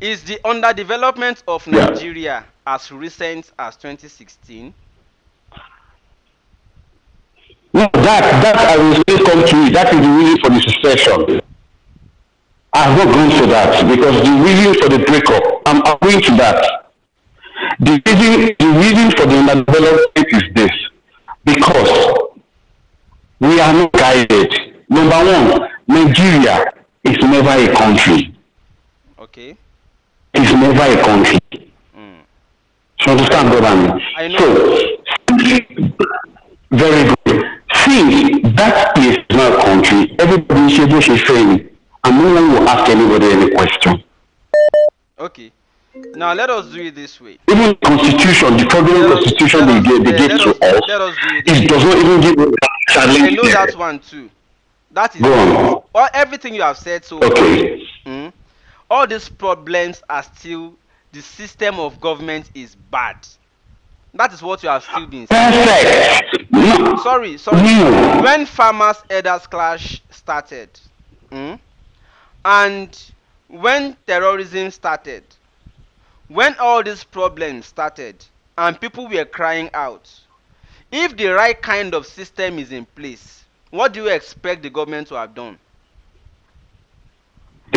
Is the underdevelopment of Nigeria yeah. as recent as 2016? No, that that I will still come to you. That is the reason for the succession. I'm not going to that because the reason for the breakup, I'm going to that. The reason, the reason for the underdevelopment is this because we are not guided. Number one, Nigeria is never a country. Okay. It's never a country. Mm. So understand what I mean? I know. So, very good. See that place is not a country, everybody should be saying and no one will ask anybody any question. Okay. Now let us do it this way. Even the constitution, the federal constitution they, give, they gave to us, us it, it does not even give challenge. I know there. that one too. That is all, everything you have said so okay. Hmm. all these problems are still the system of government is bad. That is what you have still been saying. Perfect. Sorry, sorry. No. When farmers' elders clash started, Hmm. And when terrorism started, when all these problems started and people were crying out, if the right kind of system is in place, what do you expect the government to have done?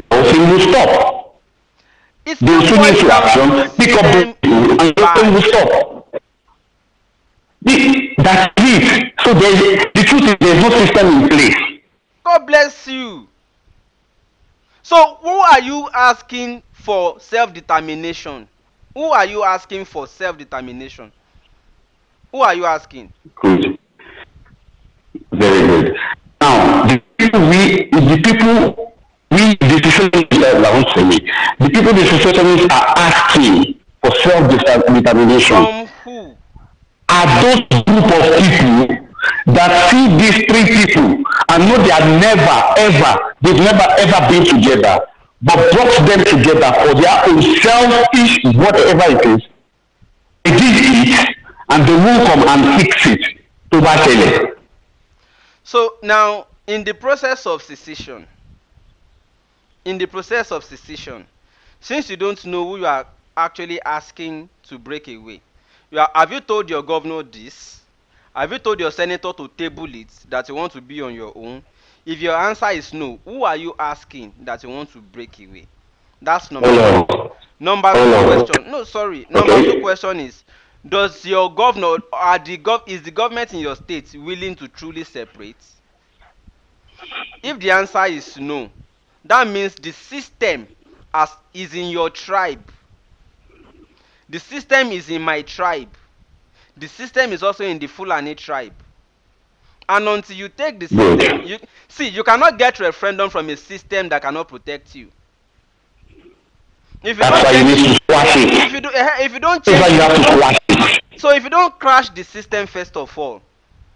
The will stop. It's they will finish action, pick up the and the will stop. that's it. So the truth is there's no system in place. God bless you. So who are you asking for self-determination? Who are you asking for self-determination? Who are you asking? Good. Very good. Now, the people we, the people we, the socialists, for me, the people the socialists are asking for self-determination. From who? Are those group of people that see these three people and know they are never, ever, they've never, ever been together, but brought them together for their own selfish whatever it is. They did it, and they will come and fix it. To battle. So now, in the process of secession, in the process of secession, since you don't know who you are actually asking to break away, you are, have you told your governor this? Have you told your senator to table it that you want to be on your own? If your answer is no, who are you asking that you want to break away? That's number one. Number two question. No, sorry. Number two question is Does your governor are the gov is the government in your state willing to truly separate? If the answer is no, that means the system as is in your tribe. The system is in my tribe The system is also in the Fulani tribe. And until you take the system, you see, you cannot get referendum from a system that cannot protect you. If you That's don't it. If you, do, eh, eh, if you don't change, you so if you don't crash the system first of all,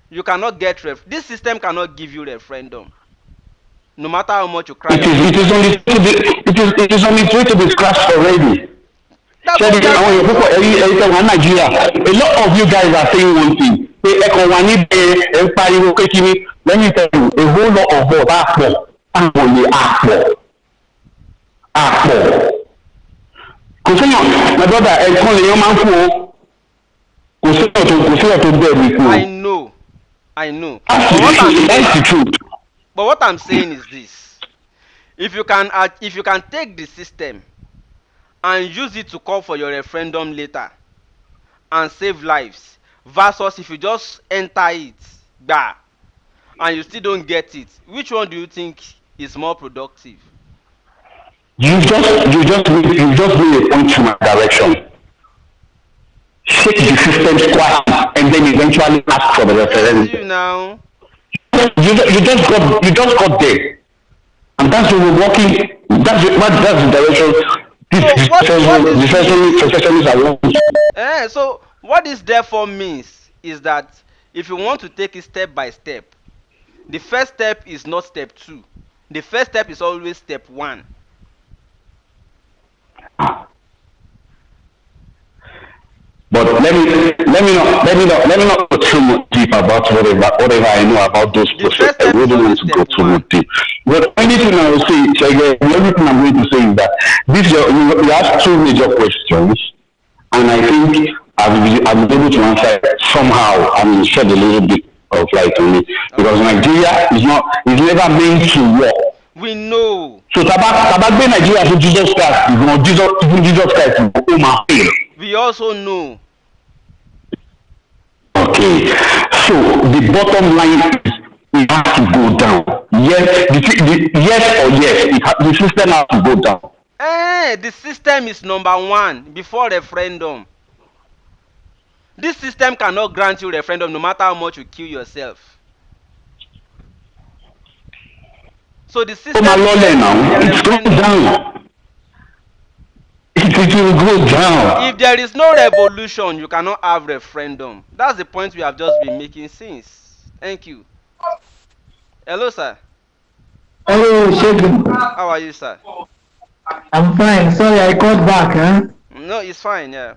you cannot get ref. This system cannot give you referendum. No matter how much you cry. It is, it is only it is, it is only three to be crashed already. ṣẹ́ni àwọn èèyàn púpọ̀ ẹ̀rí ẹ̀rí tẹ̀wọ̀n nàìjíríà a lot of you guys are saying one thing pé ẹ kàn wà níbẹ̀ ẹ̀ ń pariwo kékeré lẹ́yìn tẹ̀wọ̀n a whole lot of us á pọ̀ àwọn òye á pọ̀ kò sẹ́yìn my brother ẹ̀kan lèèyàn máa ń fún o kò sẹ́yìn tó kò sẹ́yìn tó bẹ́ẹ̀ mi kú o. I know I know but what I'm saying but what I'm saying is this if you can uh, if you can take the system and use it to call for your referendum later and save lives versus if you just enter it there, and you still don't get it which one do you think is more productive. you just you just you just bring a point to my direction shake the system square, and then eventually ask for the referendum. you now. You, you just got you just got there and that's the working that's that's the direction [laughs] so what, is this therefore means is that if you want to take it step by step the first step is not step two the first step is always step one. but let me let me not let me not let me not go too much deep about whatever whatever I know about those processes. I really want to go too much deep. But anything I will say, Chege, everything I'm going to say is that this you, you asked two major questions, and I think I've I've been able to answer somehow. I mean, shed a little bit of light on it because Nigeria is not is never meant to work. we know. so taba taba gbé Nigeria to Jesus Christ ìgbọ̀n Jesus even Jesus Christ ìgbọ̀n ó fail. we also know. Okay. So the bottom line is it has to go down. Yes, the, the, yes or yes, it ha- the system has to go down. Eh, the system is number one before referendum. This system cannot grant you referendum no matter how much you kill yourself. So the system. Ó máa lọ́lẹ̀ náà, it's going down. It will go down. If there is no revolution, you cannot have referendum. That's the point we have just been making since. Thank you. Hello, sir. Hello, Shegun. How are you, sir? I'm fine. Sorry, I called back. Huh? No, it's fine. Yeah.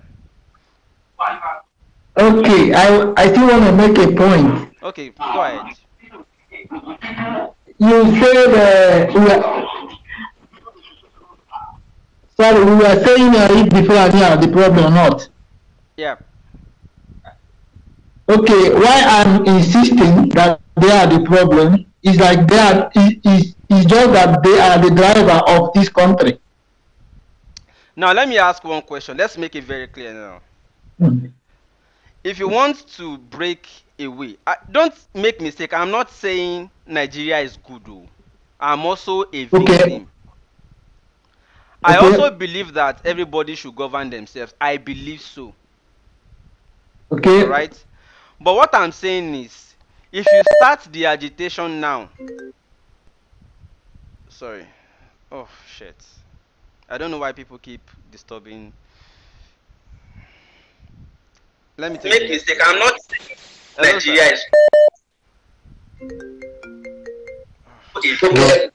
Okay, I I still want to make a point. Okay, go ahead. You said uh, Well, we were saying uh, if the uh, the problem or not. Yeah. Okay, why I'm insisting that they are the problem is like they are, is, is, just that they are the driver of this country. Now, let me ask one question. Let's make it very clear now. Hmm. If you want to break away, I, don't make mistake. I'm not saying Nigeria is good. Though. I'm also a victim. Okay. I also believe that everybody should govern themselves. I believe so. Okay. All right. But what I'm saying is, if you start the agitation now, sorry. Oh shit. I don't know why people keep disturbing. Let me tell you. Make mistake. I'm not Hello, Nigeria. Is... Okay.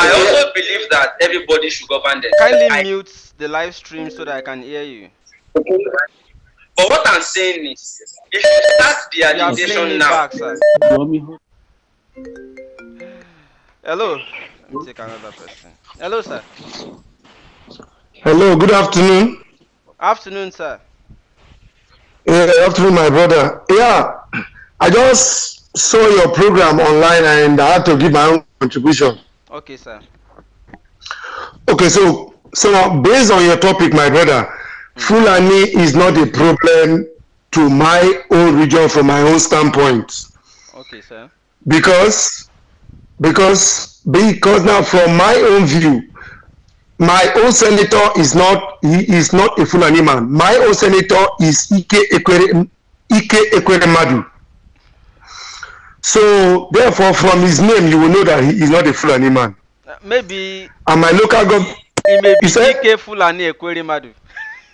I also believe that everybody should govern themselves. Kindly I, mute the live stream so that I can hear you. But what I'm saying is, if you start the agitation now. Back, Hello. let will take another person. Hello, sir. Hello. Good afternoon. Afternoon, sir. Yeah, afternoon, my brother. Yeah, I just saw your program online and I had to give my own contribution. Okay, sir. Okay, so so based on your topic, my brother, mm. Fulani is not a problem to my own region from my own standpoint. Okay, sir. Because because because now from my own view, my own senator is not he is not a Fulani man. My own senator is Ike Ekwere Ike Ekwere Madu. So therefore, from his name, you will know that he is not a Fulani man. Uh, maybe. And my local government. He may be DK Fulani Ekweremadu.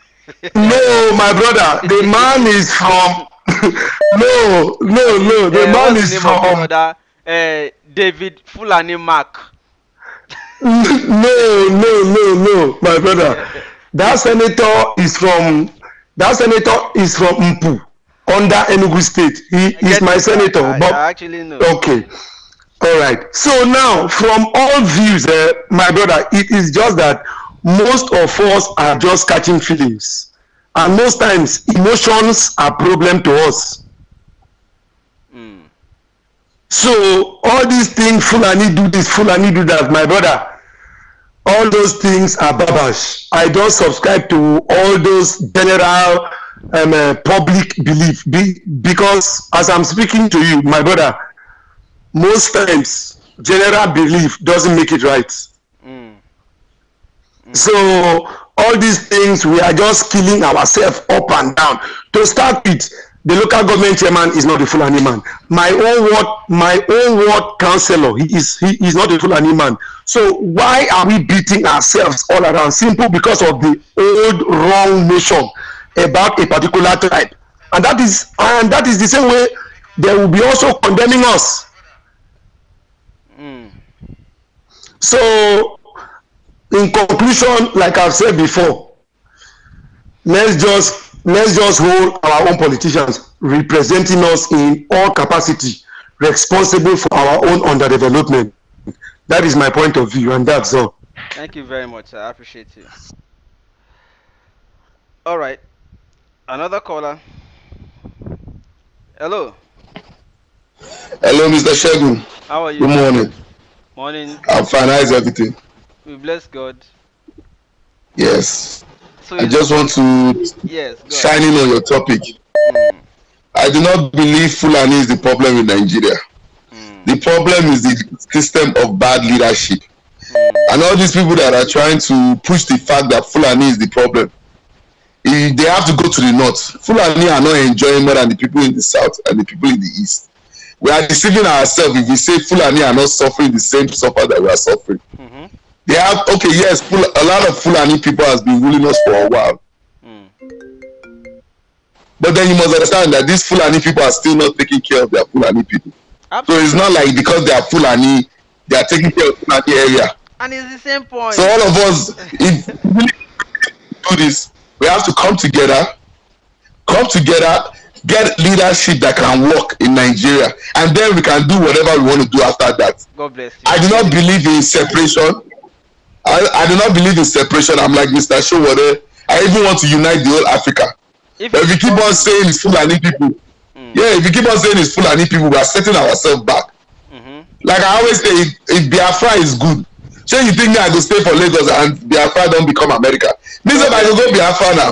[laughs] no, my brother, the man is from. [laughs] no, no, no, the uh, man is from. from. Brother, uh, eh, David Fulani Mark. [laughs] no, no, no, no, my brother. That senator is from. That senator is from Mpu. under Enugu State. He is my senator. I, but, I actually know. Okay. All right. So now, from all views, uh, my brother, it is just that most of us are just catching feelings. And most times, emotions are problem to us. Mm. So all these things, Fulani do this, Fulani do that, my brother. All those things are babash. I don't subscribe to all those general um, uh, public belief Be, because as i'm speaking to you my brother most times general belief doesn't make it right mm. Mm. so all these things we are just killing ourselves up and down to start with the local government chairman is not a fulani man my own ward my own ward councillor he is he is not a fulani man so why are we beating ourselves all around simple because of the old wrong nation about a particular tribe and that is and that is the same way they will be also condemning us mm. so in conclusion like i have said before let's just let's just hold our own politicians representing us in all capacity responsible for our own underdevelopment that is my point of view and that's all thank you very much i appreciate you all right Another caller. Hello. Hello, Mr. Shagun. How are you? Good morning. Morning. I'm fine. How is everything? We bless God. Yes. So I just want to yes, shine in on your topic. Mm. I do not believe Fulani is the problem in Nigeria. Hmm. The problem is the system of bad leadership. Mm. And all these people that are trying to push the fact that Fulani is the problem. Mm they they have to go to the north fulani are not enjoying more than the people in the south and the people in the east we are deceiving ourselves if we say fulani are not suffering the same suffer that we are suffering mm -hmm. they have okay yes Fula, a lot of fulani people has been ruling us for a while mm. but then you must understand that these fulani people are still not taking care of their fulani people Absolutely. so it's not like because they are fulani they are taking care of fulani area and it's the same point so all of us if [laughs] we do this we have to come together, come together, get leadership that can work in Nigeria, and then we can do whatever we want to do after that. God bless you. I do not believe in separation. I, I do not believe in separation. I'm like Mr. Showore. I even want to unite the whole Africa. If but if you keep on saying it's Fulani people, mm. yeah, if you keep on saying it's Fulani people, we are setting ourselves back. Mm-hmm. Like I always say, if, if Biafra is good, so you think me i go stay for lagos and biafra don become america me sef i go go biafra now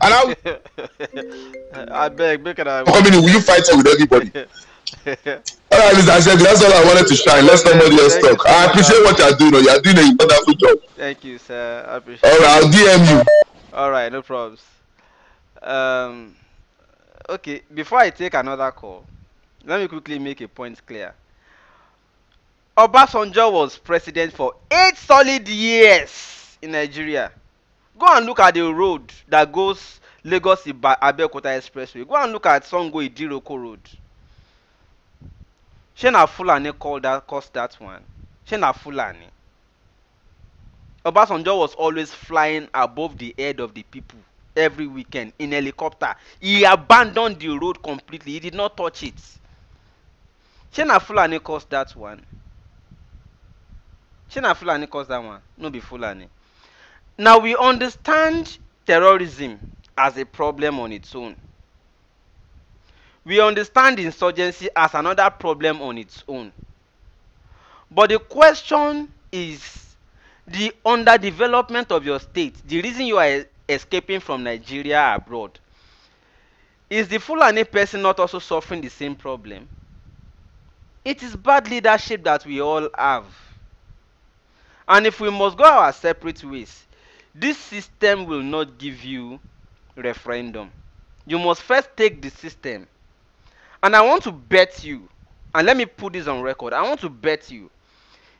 and how. abeg [laughs] make I. for community will you fight with anybody? [laughs] all right mr asegbe that's all i wanted to shine let's not nobody else talk i appreciate what you are doing o you are doing a wonderful job. thank you sir i appreciate all right i'll dm you. all right no problems. Um, okay before i take another call let me quickly make a point clear Obasanjo was president for eight solid years in Nigeria. Go and look at the road that goes Lagos Abeokuta Expressway. Go and look at Sango Idiroko Road. Ṣé na Fulani call that caused that one? Ṣé na Fulani? Obasanjo was always flying above the head of the people every weekend in helicopter. He abandoned the road completely. He did not touch it. Ṣé na Fulani caused that one? Shina Fulani cause that one. No be Fulani. Now we understand terrorism as a problem on its own. We understand insurgency as another problem on its own. But the question is the underdevelopment of your state, the reason you are escaping from Nigeria abroad. Is the Fulani person not also suffering the same problem? It is bad leadership that we all have. And if we must go our separate ways, this system will not give you referendum. You must first take the system. And I want to bet you, and let me put this on record, I want to bet you,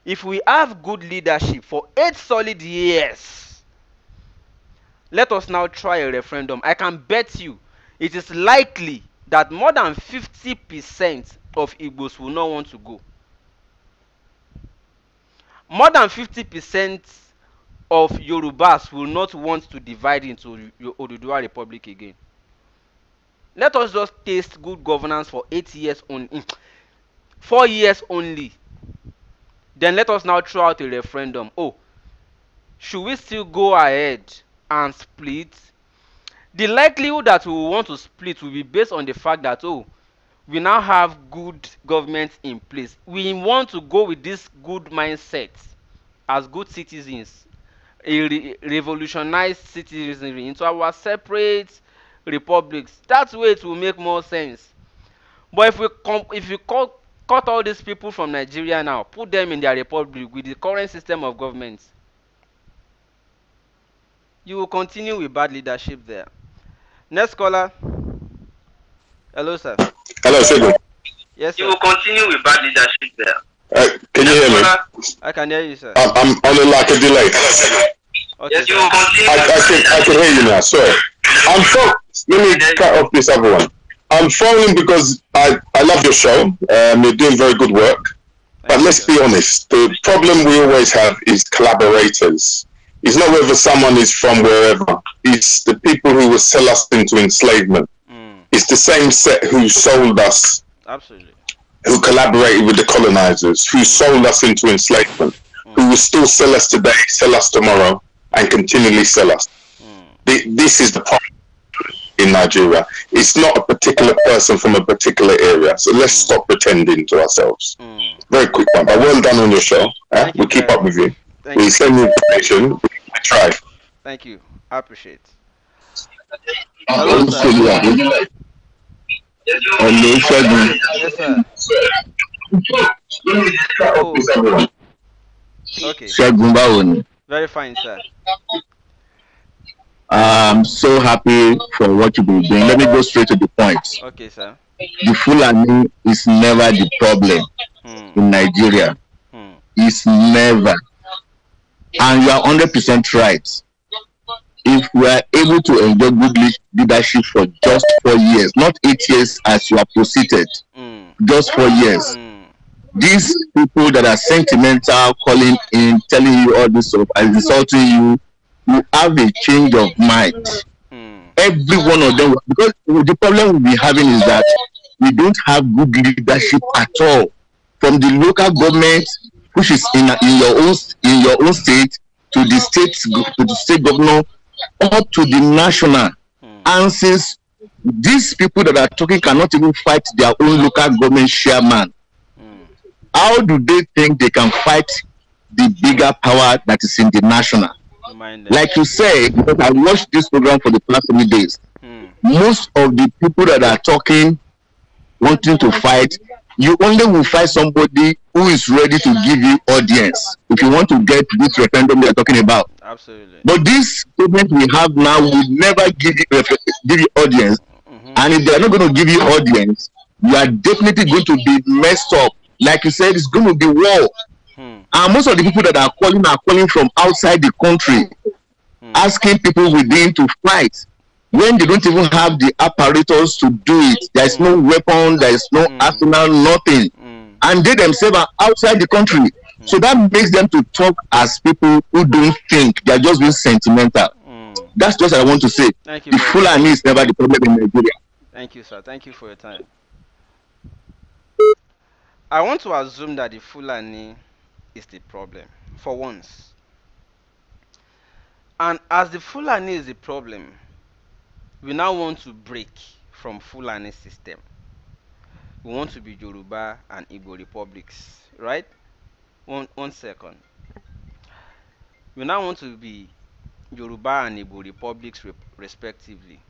if we have good leadership for eight solid years, let us now try a referendum. I can bet you it is likely that more than 50% of Igbos will not want to go. more than fifty percent of Yorubas will not want to divide into Oduduwa Republic again let us just taste good governance for eight years only mm, four years only then let us now throw out a referendum oh should we still go ahead and split the likelihood that we want to split will be based on the fact that oh we now have good government in place we want to go with this good mindset as good citizens a re revolutionized citizenry into our separate republics that way it will make more sense but if we com if you cut cut all these people from nigeria now put them in their republic with the current system of government you will continue with bad leadership there next caller. Hello, sir. Hello, Sego. Yes, sir. You will continue with bad leadership there. Uh, can you hear me? I can hear you, sir. I'm, I'm on a lack of delay. Okay. Yes, you will continue. I, I, can, I can hear you now. Sorry. I'm phone. Let me cut off this other one. I'm phoning because I, I love your show. Um, you're doing very good work. But let's be honest, the problem we always have is collaborators. It's not whether someone is from wherever, it's the people who will sell us into enslavement. It's the same set who sold us. Absolutely. Who collaborated with the colonizers, who mm. sold us into enslavement, mm. who will still sell us today, sell us tomorrow, and continually sell us. Mm. This is the problem in Nigeria. It's not a particular person from a particular area. So let's mm. stop pretending to ourselves. Mm. Very quick one, but well done on your show. Eh? we will keep up with you. we you. send you information. We try. Thank you. I appreciate. Hello, Hello, sir. Yes, sir. Oh. Okay. Very fine, sir. I'm so happy for what you've been doing. Let me go straight to the point. Okay, sir. The Fulani is never the problem hmm. in Nigeria. Hmm. It's never. And you are 100% right. if we are able to enjoy good leadership for just four years, not eight years as you are proceeded, mm. just four years. Mm. These people that are sentimental, calling in, telling you all this stuff, and insulting you, you have a change of mind. Mm. Every one of them, because the problem we be having is that we don't have good leadership at all from the local government, which is in, in your own in your own state, to the state to the state governor up to the national. Mm. And these people that are talking cannot even fight their own local government chairman, mm. how do they think they can fight the bigger power that is in the national? Like you say, because I watched this program for the past three days, mm. most of the people that are talking, wanting to fight, you only will find somebody who is ready to give you audience if you want to get this referendum they are talking about Absolutely. But this statement we have now will never give you, give you audience. Mm-hmm. And if they're not going to give you audience, you are definitely going to be messed up. Like you said, it's going to be war. Hmm. And most of the people that are calling are calling from outside the country, hmm. asking people within to fight when they don't even have the apparatus to do it. There is no hmm. weapon, there is no hmm. arsenal, nothing. Hmm. And they themselves are outside the country. So that makes them to talk as people who don't think. They are just being sentimental. Mm. That's just what I want to say. Thank you. The Fulani is never the problem in Nigeria. Thank you, sir. Thank you for your time. I want to assume that the Fulani is the problem for once. And as the Fulani is the problem, we now want to break from Fulani system. We want to be Yoruba and Igbo republics, right? one one second we now want to be Yoruba and Igbo republics respectively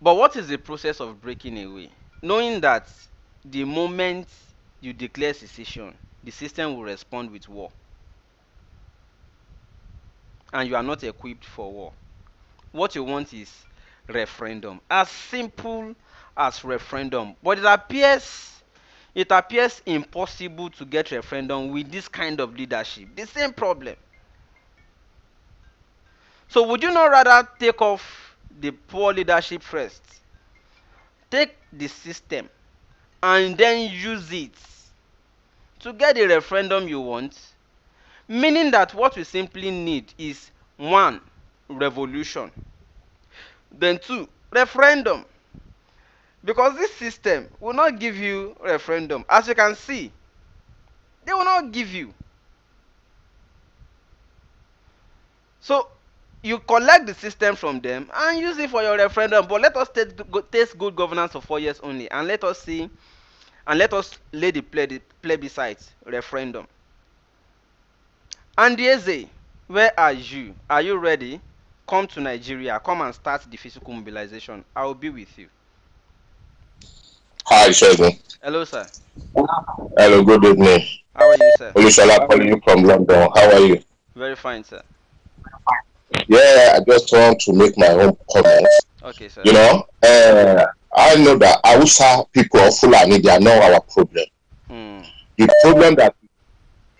but what is the process of breaking away knowing that the moment you declare secession the system will respond with war and you are not equipped for war what you want is referendum as simple as referendum but it appears it appears impossible to get referendum with this kind of leadership. The same problem. So would you not rather take off the poor leadership first? Take the system and then use it to get the referendum you want. Meaning that what we simply need is one, revolution. Then two, referendum because this system will not give you referendum as you can see they will not give you so you collect the system from them and use it for your referendum but let us test good governance for four years only and let us see and let us lay the besides referendum and the where are you are you ready come to nigeria come and start the physical mobilization i will be with you Hi, Sheldon. Hello, sir. Hello, good evening. How are you, sir? Olushola calling you from London. How are you? Very fine, sir. Yeah, I just want to make my own comments. Okay, sir. You know, uh, I know that Hausa people or Fulani, they are not our problem. Hmm. The problem that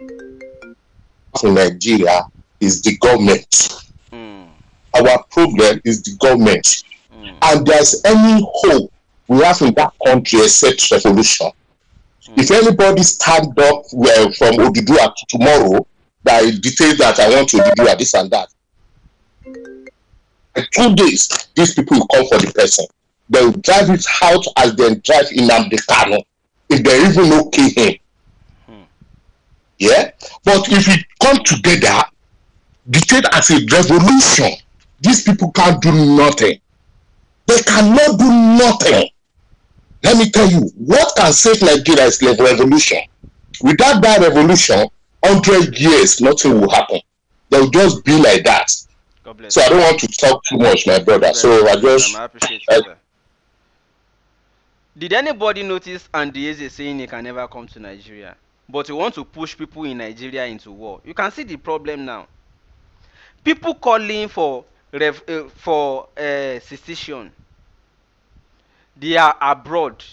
in Nigeria is the government. Mm. Our problem is the government. Mm. And there's any hope we have in that country except revolution. Mm. If anybody stand up well, from Odudua tomorrow, by detail that I want to Odudua, this and that, in two days, these people will come for the person. They will drive it out as they drive in Amdekano, if they even okay him. Hmm. Yeah? But if we come together, detail as a revolution, these people can't do nothing. They cannot do nothing. Let me tell you, what can save Nigeria is like revolution. Without that revolution, hundred years, nothing will happen. They'll just be like that. so I don't want to talk too much, my brother. So I just. Did anybody notice Andiese saying he can never come to Nigeria? But he want to push people in Nigeria into war. You can see the problem now. People calling for rev uh, for uh, secession They are abroad.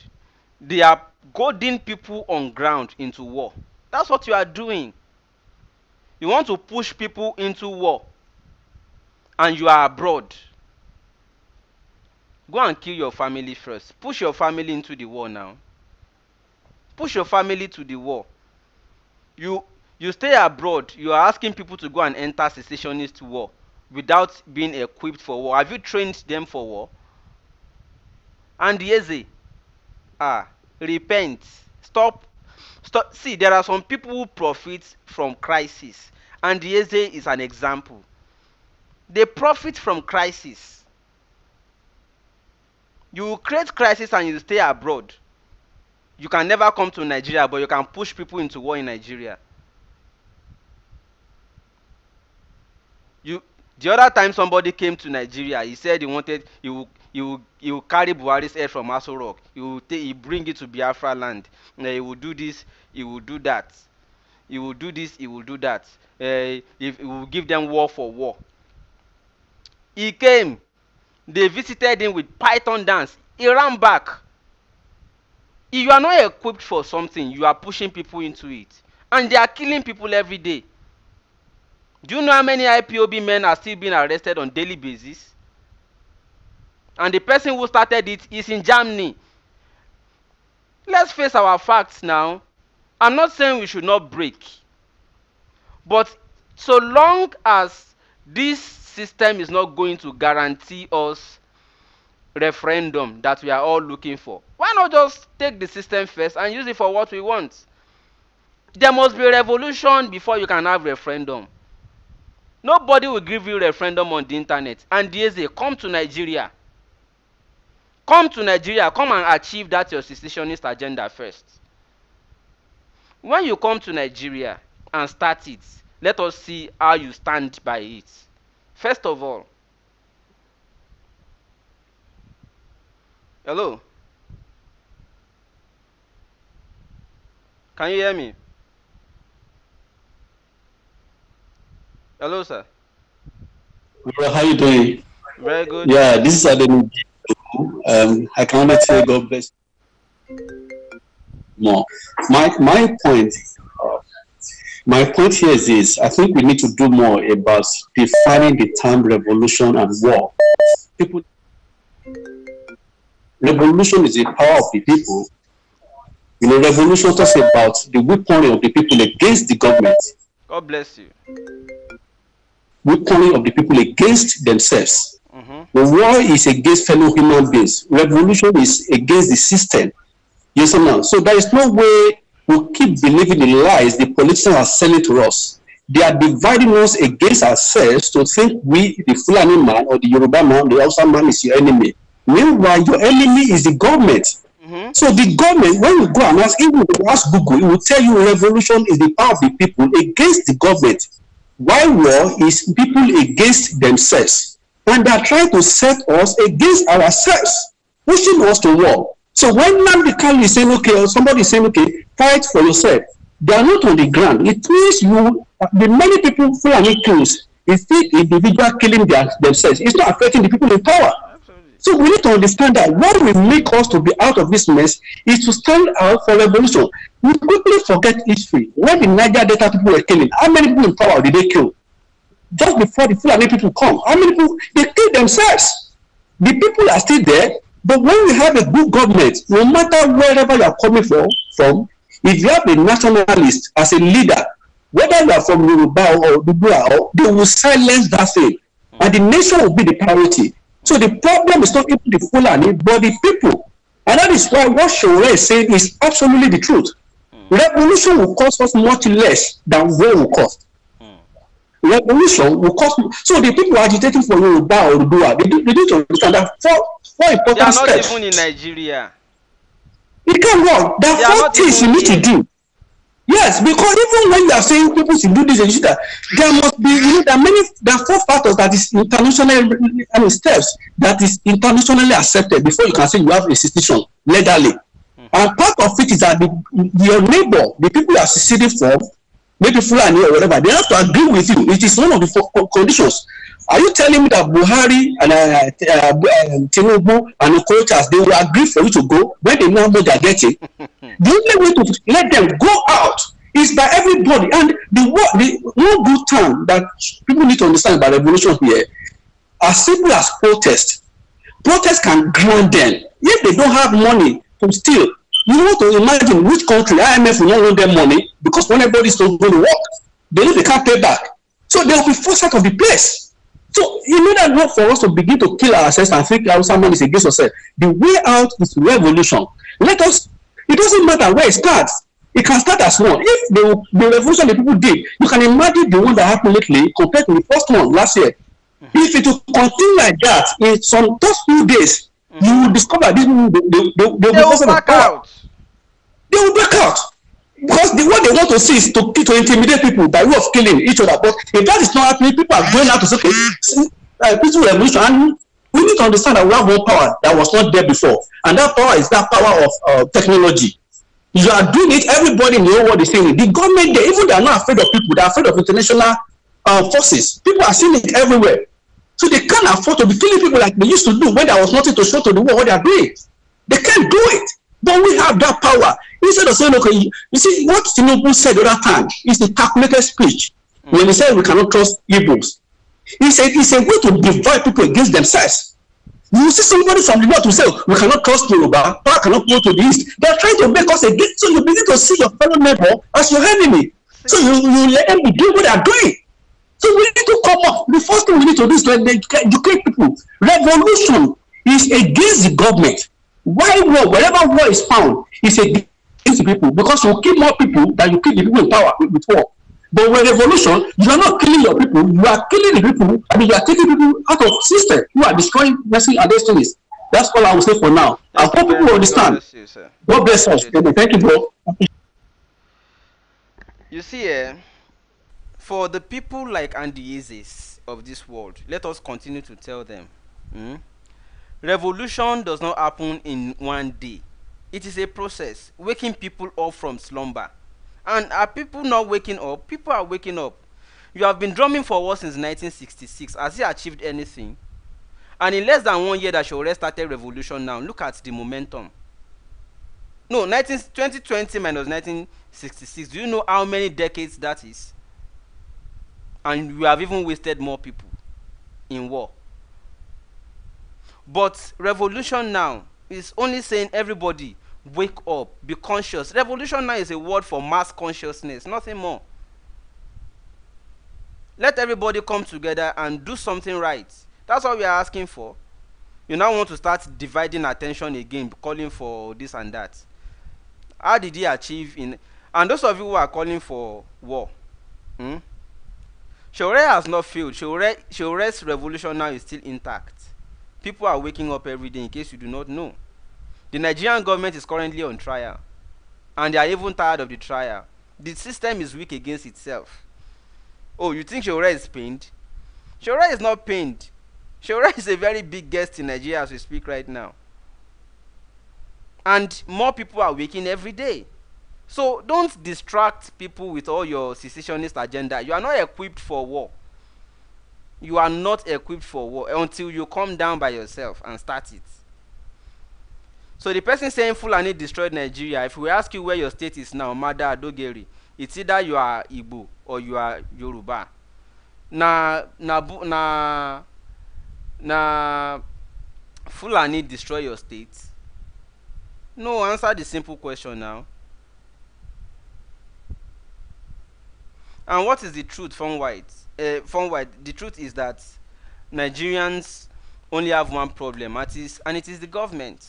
They are goading people on ground into war. That's what you are doing. You want to push people into war. And you are abroad. Go and kill your family first. Push your family into the war now. Push your family to the war. You you stay abroad. You are asking people to go and enter secessionist war without being equipped for war. Have you trained them for war? and yeze eh, ah repent stop stop see there are some people who profit from crisis and yeze eh, is an example they profit from crisis you create crisis and you stay abroad you can never come to nigeria but you can push people into war in nigeria you the other time somebody came to nigeria he said he wanted he would you he will carry Buhari's head from Aso Rock. He will take he bring it to Biafra land. Uh, he will do this. He will do that. He will do this. He will do that. Uh, he will give them war for war. He came. They visited him with python dance. He ran back. If you are not equipped for something, you are pushing people into it, and they are killing people every day. Do you know how many IPOB men are still being arrested on daily basis? and the person who started it is in Germany. Let's face our facts now. I'm not saying we should not break. But so long as this system is not going to guarantee us referendum that we are all looking for, why not just take the system first and use it for what we want? There must be a revolution before you can have referendum. Nobody will give you referendum on the internet. And DSA, come to Nigeria come to nigeria come and achieve that your secessionist agenda first when you come to nigeria and start it let us see how you stand by it first of all hello can you hear me hello sir. how are you doing. very good. yeah this is adeniji. Um, I can only say God bless more. My, my point my point here is this. I think we need to do more about defining the term revolution and war. People, revolution is the power of the people. You know, revolution talks about the weaponry of the people against the government. God bless you. Weaponry of the people against themselves. Mm-hmm. The war is against fellow human beings. Revolution is against the system. Yes or no? So there is no way we keep believing the lies the politicians are selling to us. They are dividing us against ourselves to think we, the Fulani man or the Yoruba man, the Hausa man is your enemy. Meanwhile, your enemy is the government. Mm-hmm. So the government, when you go and ask, even ask Google, it will tell you revolution is the power of the people against the government. Why war is people against themselves. and they are trying to set us against ourselves, pushing us to war. So when Namdekanu is saying, okay, or somebody is saying, okay, fight for yourself, they are not on the ground. It means you, the many people who Fulani kills, it's the individual killing their, themselves. It's not affecting the people in power. So we need to understand that what will make us to be out of this mess is to stand out for revolution. We quickly forget history. When the Niger Delta people were killing, how many people in power did they kill? just before the Fulani people come, how many people they kill themselves? The people are still there, but when you have a good government, no matter wherever you are coming from, from if you have a nationalist as a leader, whether you are from Yoruba or Dubua, they will silence that thing, and the nation will be the priority. So the problem is not even the Fulani, but the people. And that is why what Shore is saying is absolutely the truth. Hmm. Revolution will cost us much less than war will cost revolution will cost you. So the people agitating for you Yoruba or Odua, they, do, they do. to understand that four, four important steps. They are not steps. even in Nigeria. It can work. There are four things you need to do. Yes, because even when you are saying people should do this and that, there must be you know there are many there are four factors that is international I mean steps that is internationally accepted before you can say you have a institution legally. Mm-hmm. And part of it is that the, your neighbor, the people you are seceding from, maybe Fulani or whatever, they have to agree with you. It is one of the conditions. Are you telling me that Buhari and uh, uh, uh, Tinubu and the the they will agree for you to go when they know what they are getting? [laughs] the only way to let them go out is by everybody. And the, the one good term that people need to understand about revolution here, as simple as protest, protest can ground them. If they don't have money to steal, You want to imagine which country IMF will not loan them money because when everybody is not going to work, they know they can't pay back. So they will be forced out of the place. So in order not for us to begin to kill ourselves and think our money is against us, the way out is revolution. Let us. It doesn't matter where it starts. It can start as one. If the, the revolution the people did, you can imagine the one that happened lately compared to the first one last year. Mm-hmm. If it will continue like that in some just few days, Mm-hmm. You will discover this. they, they, they, they, will back out. They will black out. Because the, what they want to see is to, to intimidate people by way of killing each other. But if that is not happening, people are going out to say, okay, see, uh, peaceful revolution. And we need to understand that we have one power that was not there before. And that power is that power of uh, technology. You are doing it, everybody in the whole world is saying it. The government, they, even they are not afraid of people, they are afraid of international uh, forces. People are seeing it everywhere. So they can't afford to be killing people like they used to do when there was nothing to show to the world what they are doing. They can't do it. But we have that power. Instead of saying, okay, you see, what Tinubu said the that time is the calculated speech. Mm. When he said we cannot trust Hebrews." he said it's a way to divide people against themselves. You see somebody from the north who say, we cannot trust Yoruba, power cannot go to the east. They are trying to make us against, so you begin to see your fellow neighbor as your enemy. So you, you let them do what they are doing. So we need to come up. The first thing we need to do is to educate people. Revolution is against the government. Why war? Wherever war is found, it's against the people because you kill more people than you kill the people in power with war. But with revolution, you are not killing your people. You are killing the people. I mean, you are taking people out of system. You are destroying mercy and destinies. That's all I will say for now. I hope people understand. God bless us. Thank you, bro. You see, eh? for the people like Andiezes of this world, let us continue to tell them. Mm? Revolution does not happen in one day. It is a process, waking people up from slumber. And are people not waking up? People are waking up. You have been drumming for what since 1966? Has he achieved anything? And in less than one year that she already started revolution now, look at the momentum. No, 19, 2020 minus 1966. Do you know how many decades that is? and you have even wasted more people in war but revolution now is only saying everybody wake up be conscious revolution now is a word for mass consciousness nothing more let everybody come together and do something right that's all we are asking for you now want to start dividing attention again calling for this and that how did he achieve in and those of you who are calling for war hmm? Shore has not failed. Shore, Shore's revolution now is still intact. People are waking up every day in case you do not know. The Nigerian government is currently on trial. And they are even tired of the trial. The system is weak against itself. Oh, you think Shore is pained? Shore is not pained. Shore is a very big guest in Nigeria as we speak right now. And more people are waking every day. So don't distract people with all your secessionist agenda. You are not equipped for war. You are not equipped for war until you come down by yourself and start it. So the person saying Fulani destroyed Nigeria, if we ask you where your state is now, Mada Adogeri, it's either you are Igbo or you are Yoruba. Na na na na Fulani destroy your state? No, answer the simple question now. And what is the truth from White? Uh, from White, the truth is that Nigerians only have one problem, and it is, and it is the government.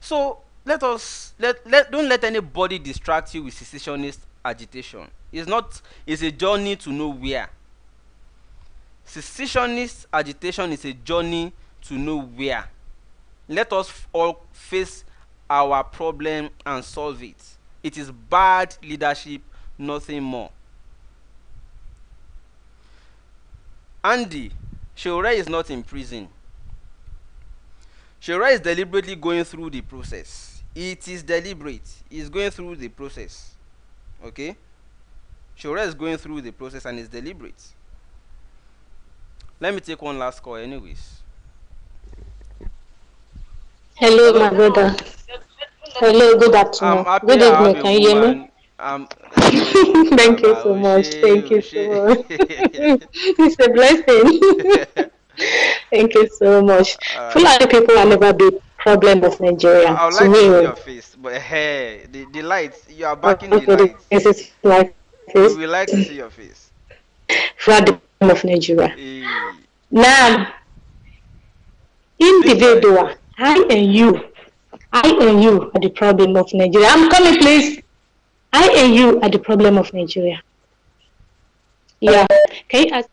So let us let, let don't let anybody distract you with secessionist agitation. It's not it's a journey to nowhere. Secessionist agitation is a journey to nowhere. Let us all face our problem and solve it. It is bad leadership, nothing more. Andy, Shura is not in prison. Shura is deliberately going through the process. It is deliberate. He's going through the process. Okay? Shura is going through the process and is deliberate. Let me take one last call anyways. Hello, Hello. my brother. Hello, good um, afternoon. I'm good evening. Can you hear me? Um, Thank you so much. Thank you so much. it's a blessing. Thank you so much. Uh, of people are never the problem of Nigeria. I would like to see oh. your face, but hey, the, the lights, you are backing okay, the lights. This is like face. We like to see your face. Throughout [clears throat] the of Nigeria. Now, individual, I and you I and you are the problem of Nigeria. I'm coming, please. I and you are the problem of Nigeria. Yeah. Can you ask?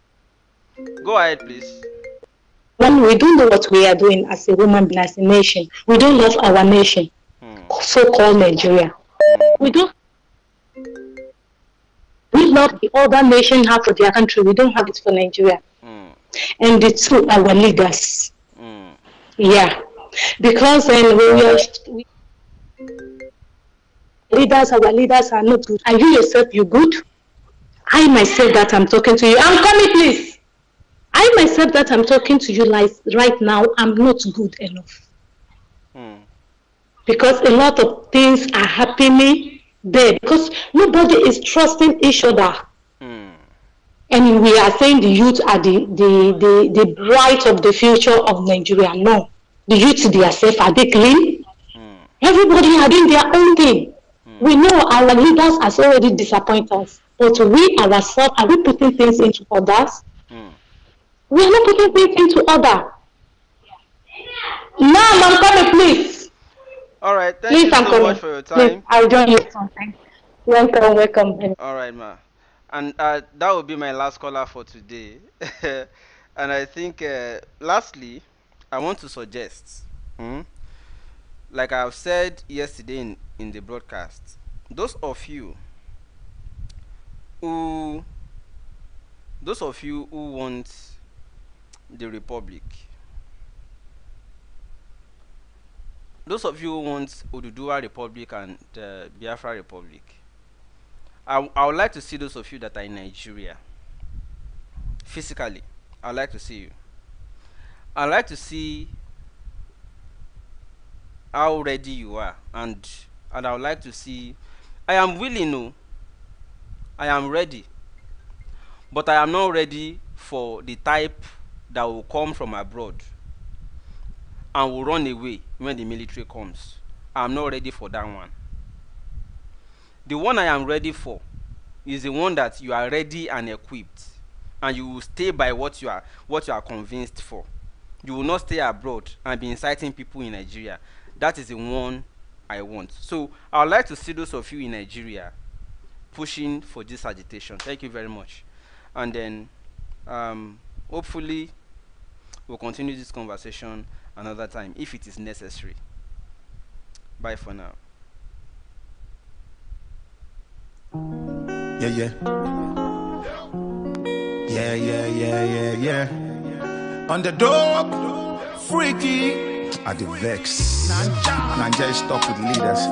Go ahead, please. When we don't know what we are doing as a woman, as a nation, we don't love our nation, hmm. so-called Nigeria. We don't. We love the other nation half of their country. We don't have it for Nigeria. Hmm. And the two, our leaders. Hmm. Yeah because then when we are leaders, our leaders are not good, Are you yourself, you good. I myself that I'm talking to you, I'm coming, please. I myself that I'm talking to you like right now, I'm not good enough. Hmm. Because a lot of things are happening there because nobody is trusting each other. Hmm. And we are saying the youth are the, the, the, the bright of the future of Nigeria. No the youth themselves, are they clean? Hmm. Everybody are doing their own thing. Hmm. We know our leaders has already disappointed us, but we ourselves, are we putting things into others? Hmm. We are not putting things into order. Now, Mom, come please. All right, thank please, you so coming. much for your time. Please, I'll join you Welcome, welcome. All right, ma. And uh, that will be my last caller for today. [laughs] and I think, uh, lastly, I want to suggest, hmm, like I've said yesterday in, in the broadcast, those of you who those of you who want the republic those of you who want Oduduwa Republic and uh, Biafra Republic I, I would like to see those of you that are in Nigeria physically I'd like to see you I'd like to see how ready you are and and I would like to see I am willing no I am ready but I am not ready for the type that will come from abroad and will run away when the military comes I am not ready for that one the one I am ready for is the one that you are ready and equipped and you will stay by what you are what you are convinced for you will not stay abroad and be inciting people in Nigeria. That is the one I want. So I would like to see those of you in Nigeria pushing for this agitation. Thank you very much. And then um, hopefully we'll continue this conversation another time if it is necessary. Bye for now. Yeah, yeah. Yeah, yeah, yeah, yeah, yeah. On the freaky. At the vex. Nigeria is stuck with leaders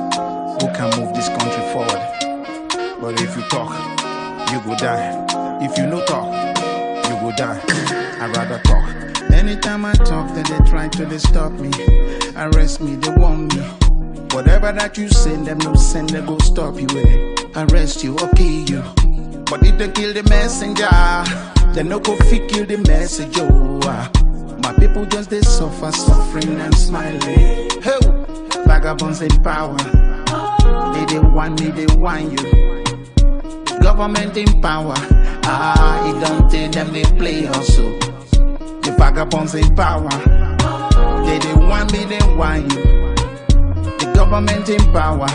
who can move this country forward. But if you talk, you go die. If you no talk, you go die. I rather talk. Anytime I talk, then they try to they stop me, arrest me, they want me. Whatever that you send them, no send they go stop you eh. Arrest you, okay you. But if they kill the messenger. They no go fit kill the message, oh. Ah. My people just they suffer, suffering and smiling. Hey, vagabonds in power. They they want me, they want you. Government in power. Ah, it don't take them they play also. The vagabonds in power. They they want me, they want you. The government in power.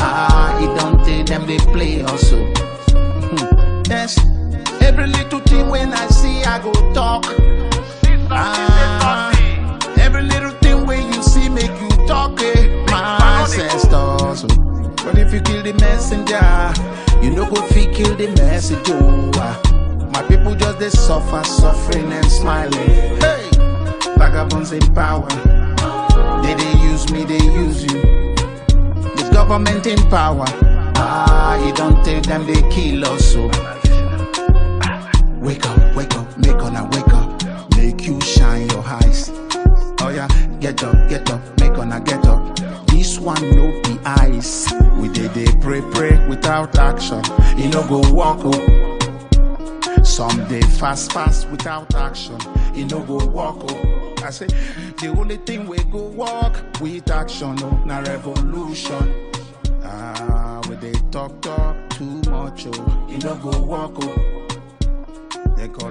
Ah, it don't take them they play also. Hmm. Yes. Every little thing when I see, I go talk. Ah, every little thing when you see, make you talk. Eh? My ancestors. But if you kill the messenger, you no go fit kill the messenger. Oh, ah. My people just they suffer, suffering and smiling. Hey, vagabonds in power. They they use me, they use you. This government in power. Ah, you don't take them, they kill us. So. Oh. Wake up, wake up, make on wake up. Make you shine your eyes. Oh yeah, get up, get up, make on get up. This one no be eyes. We did they pray, pray without action. You no go walk up. Oh. Some day fast, fast without action. You no go walk up. Oh. I say the only thing we go walk with action, no, oh, na revolution. Ah, we they talk, talk too much, oh. You no go walk oh. decolla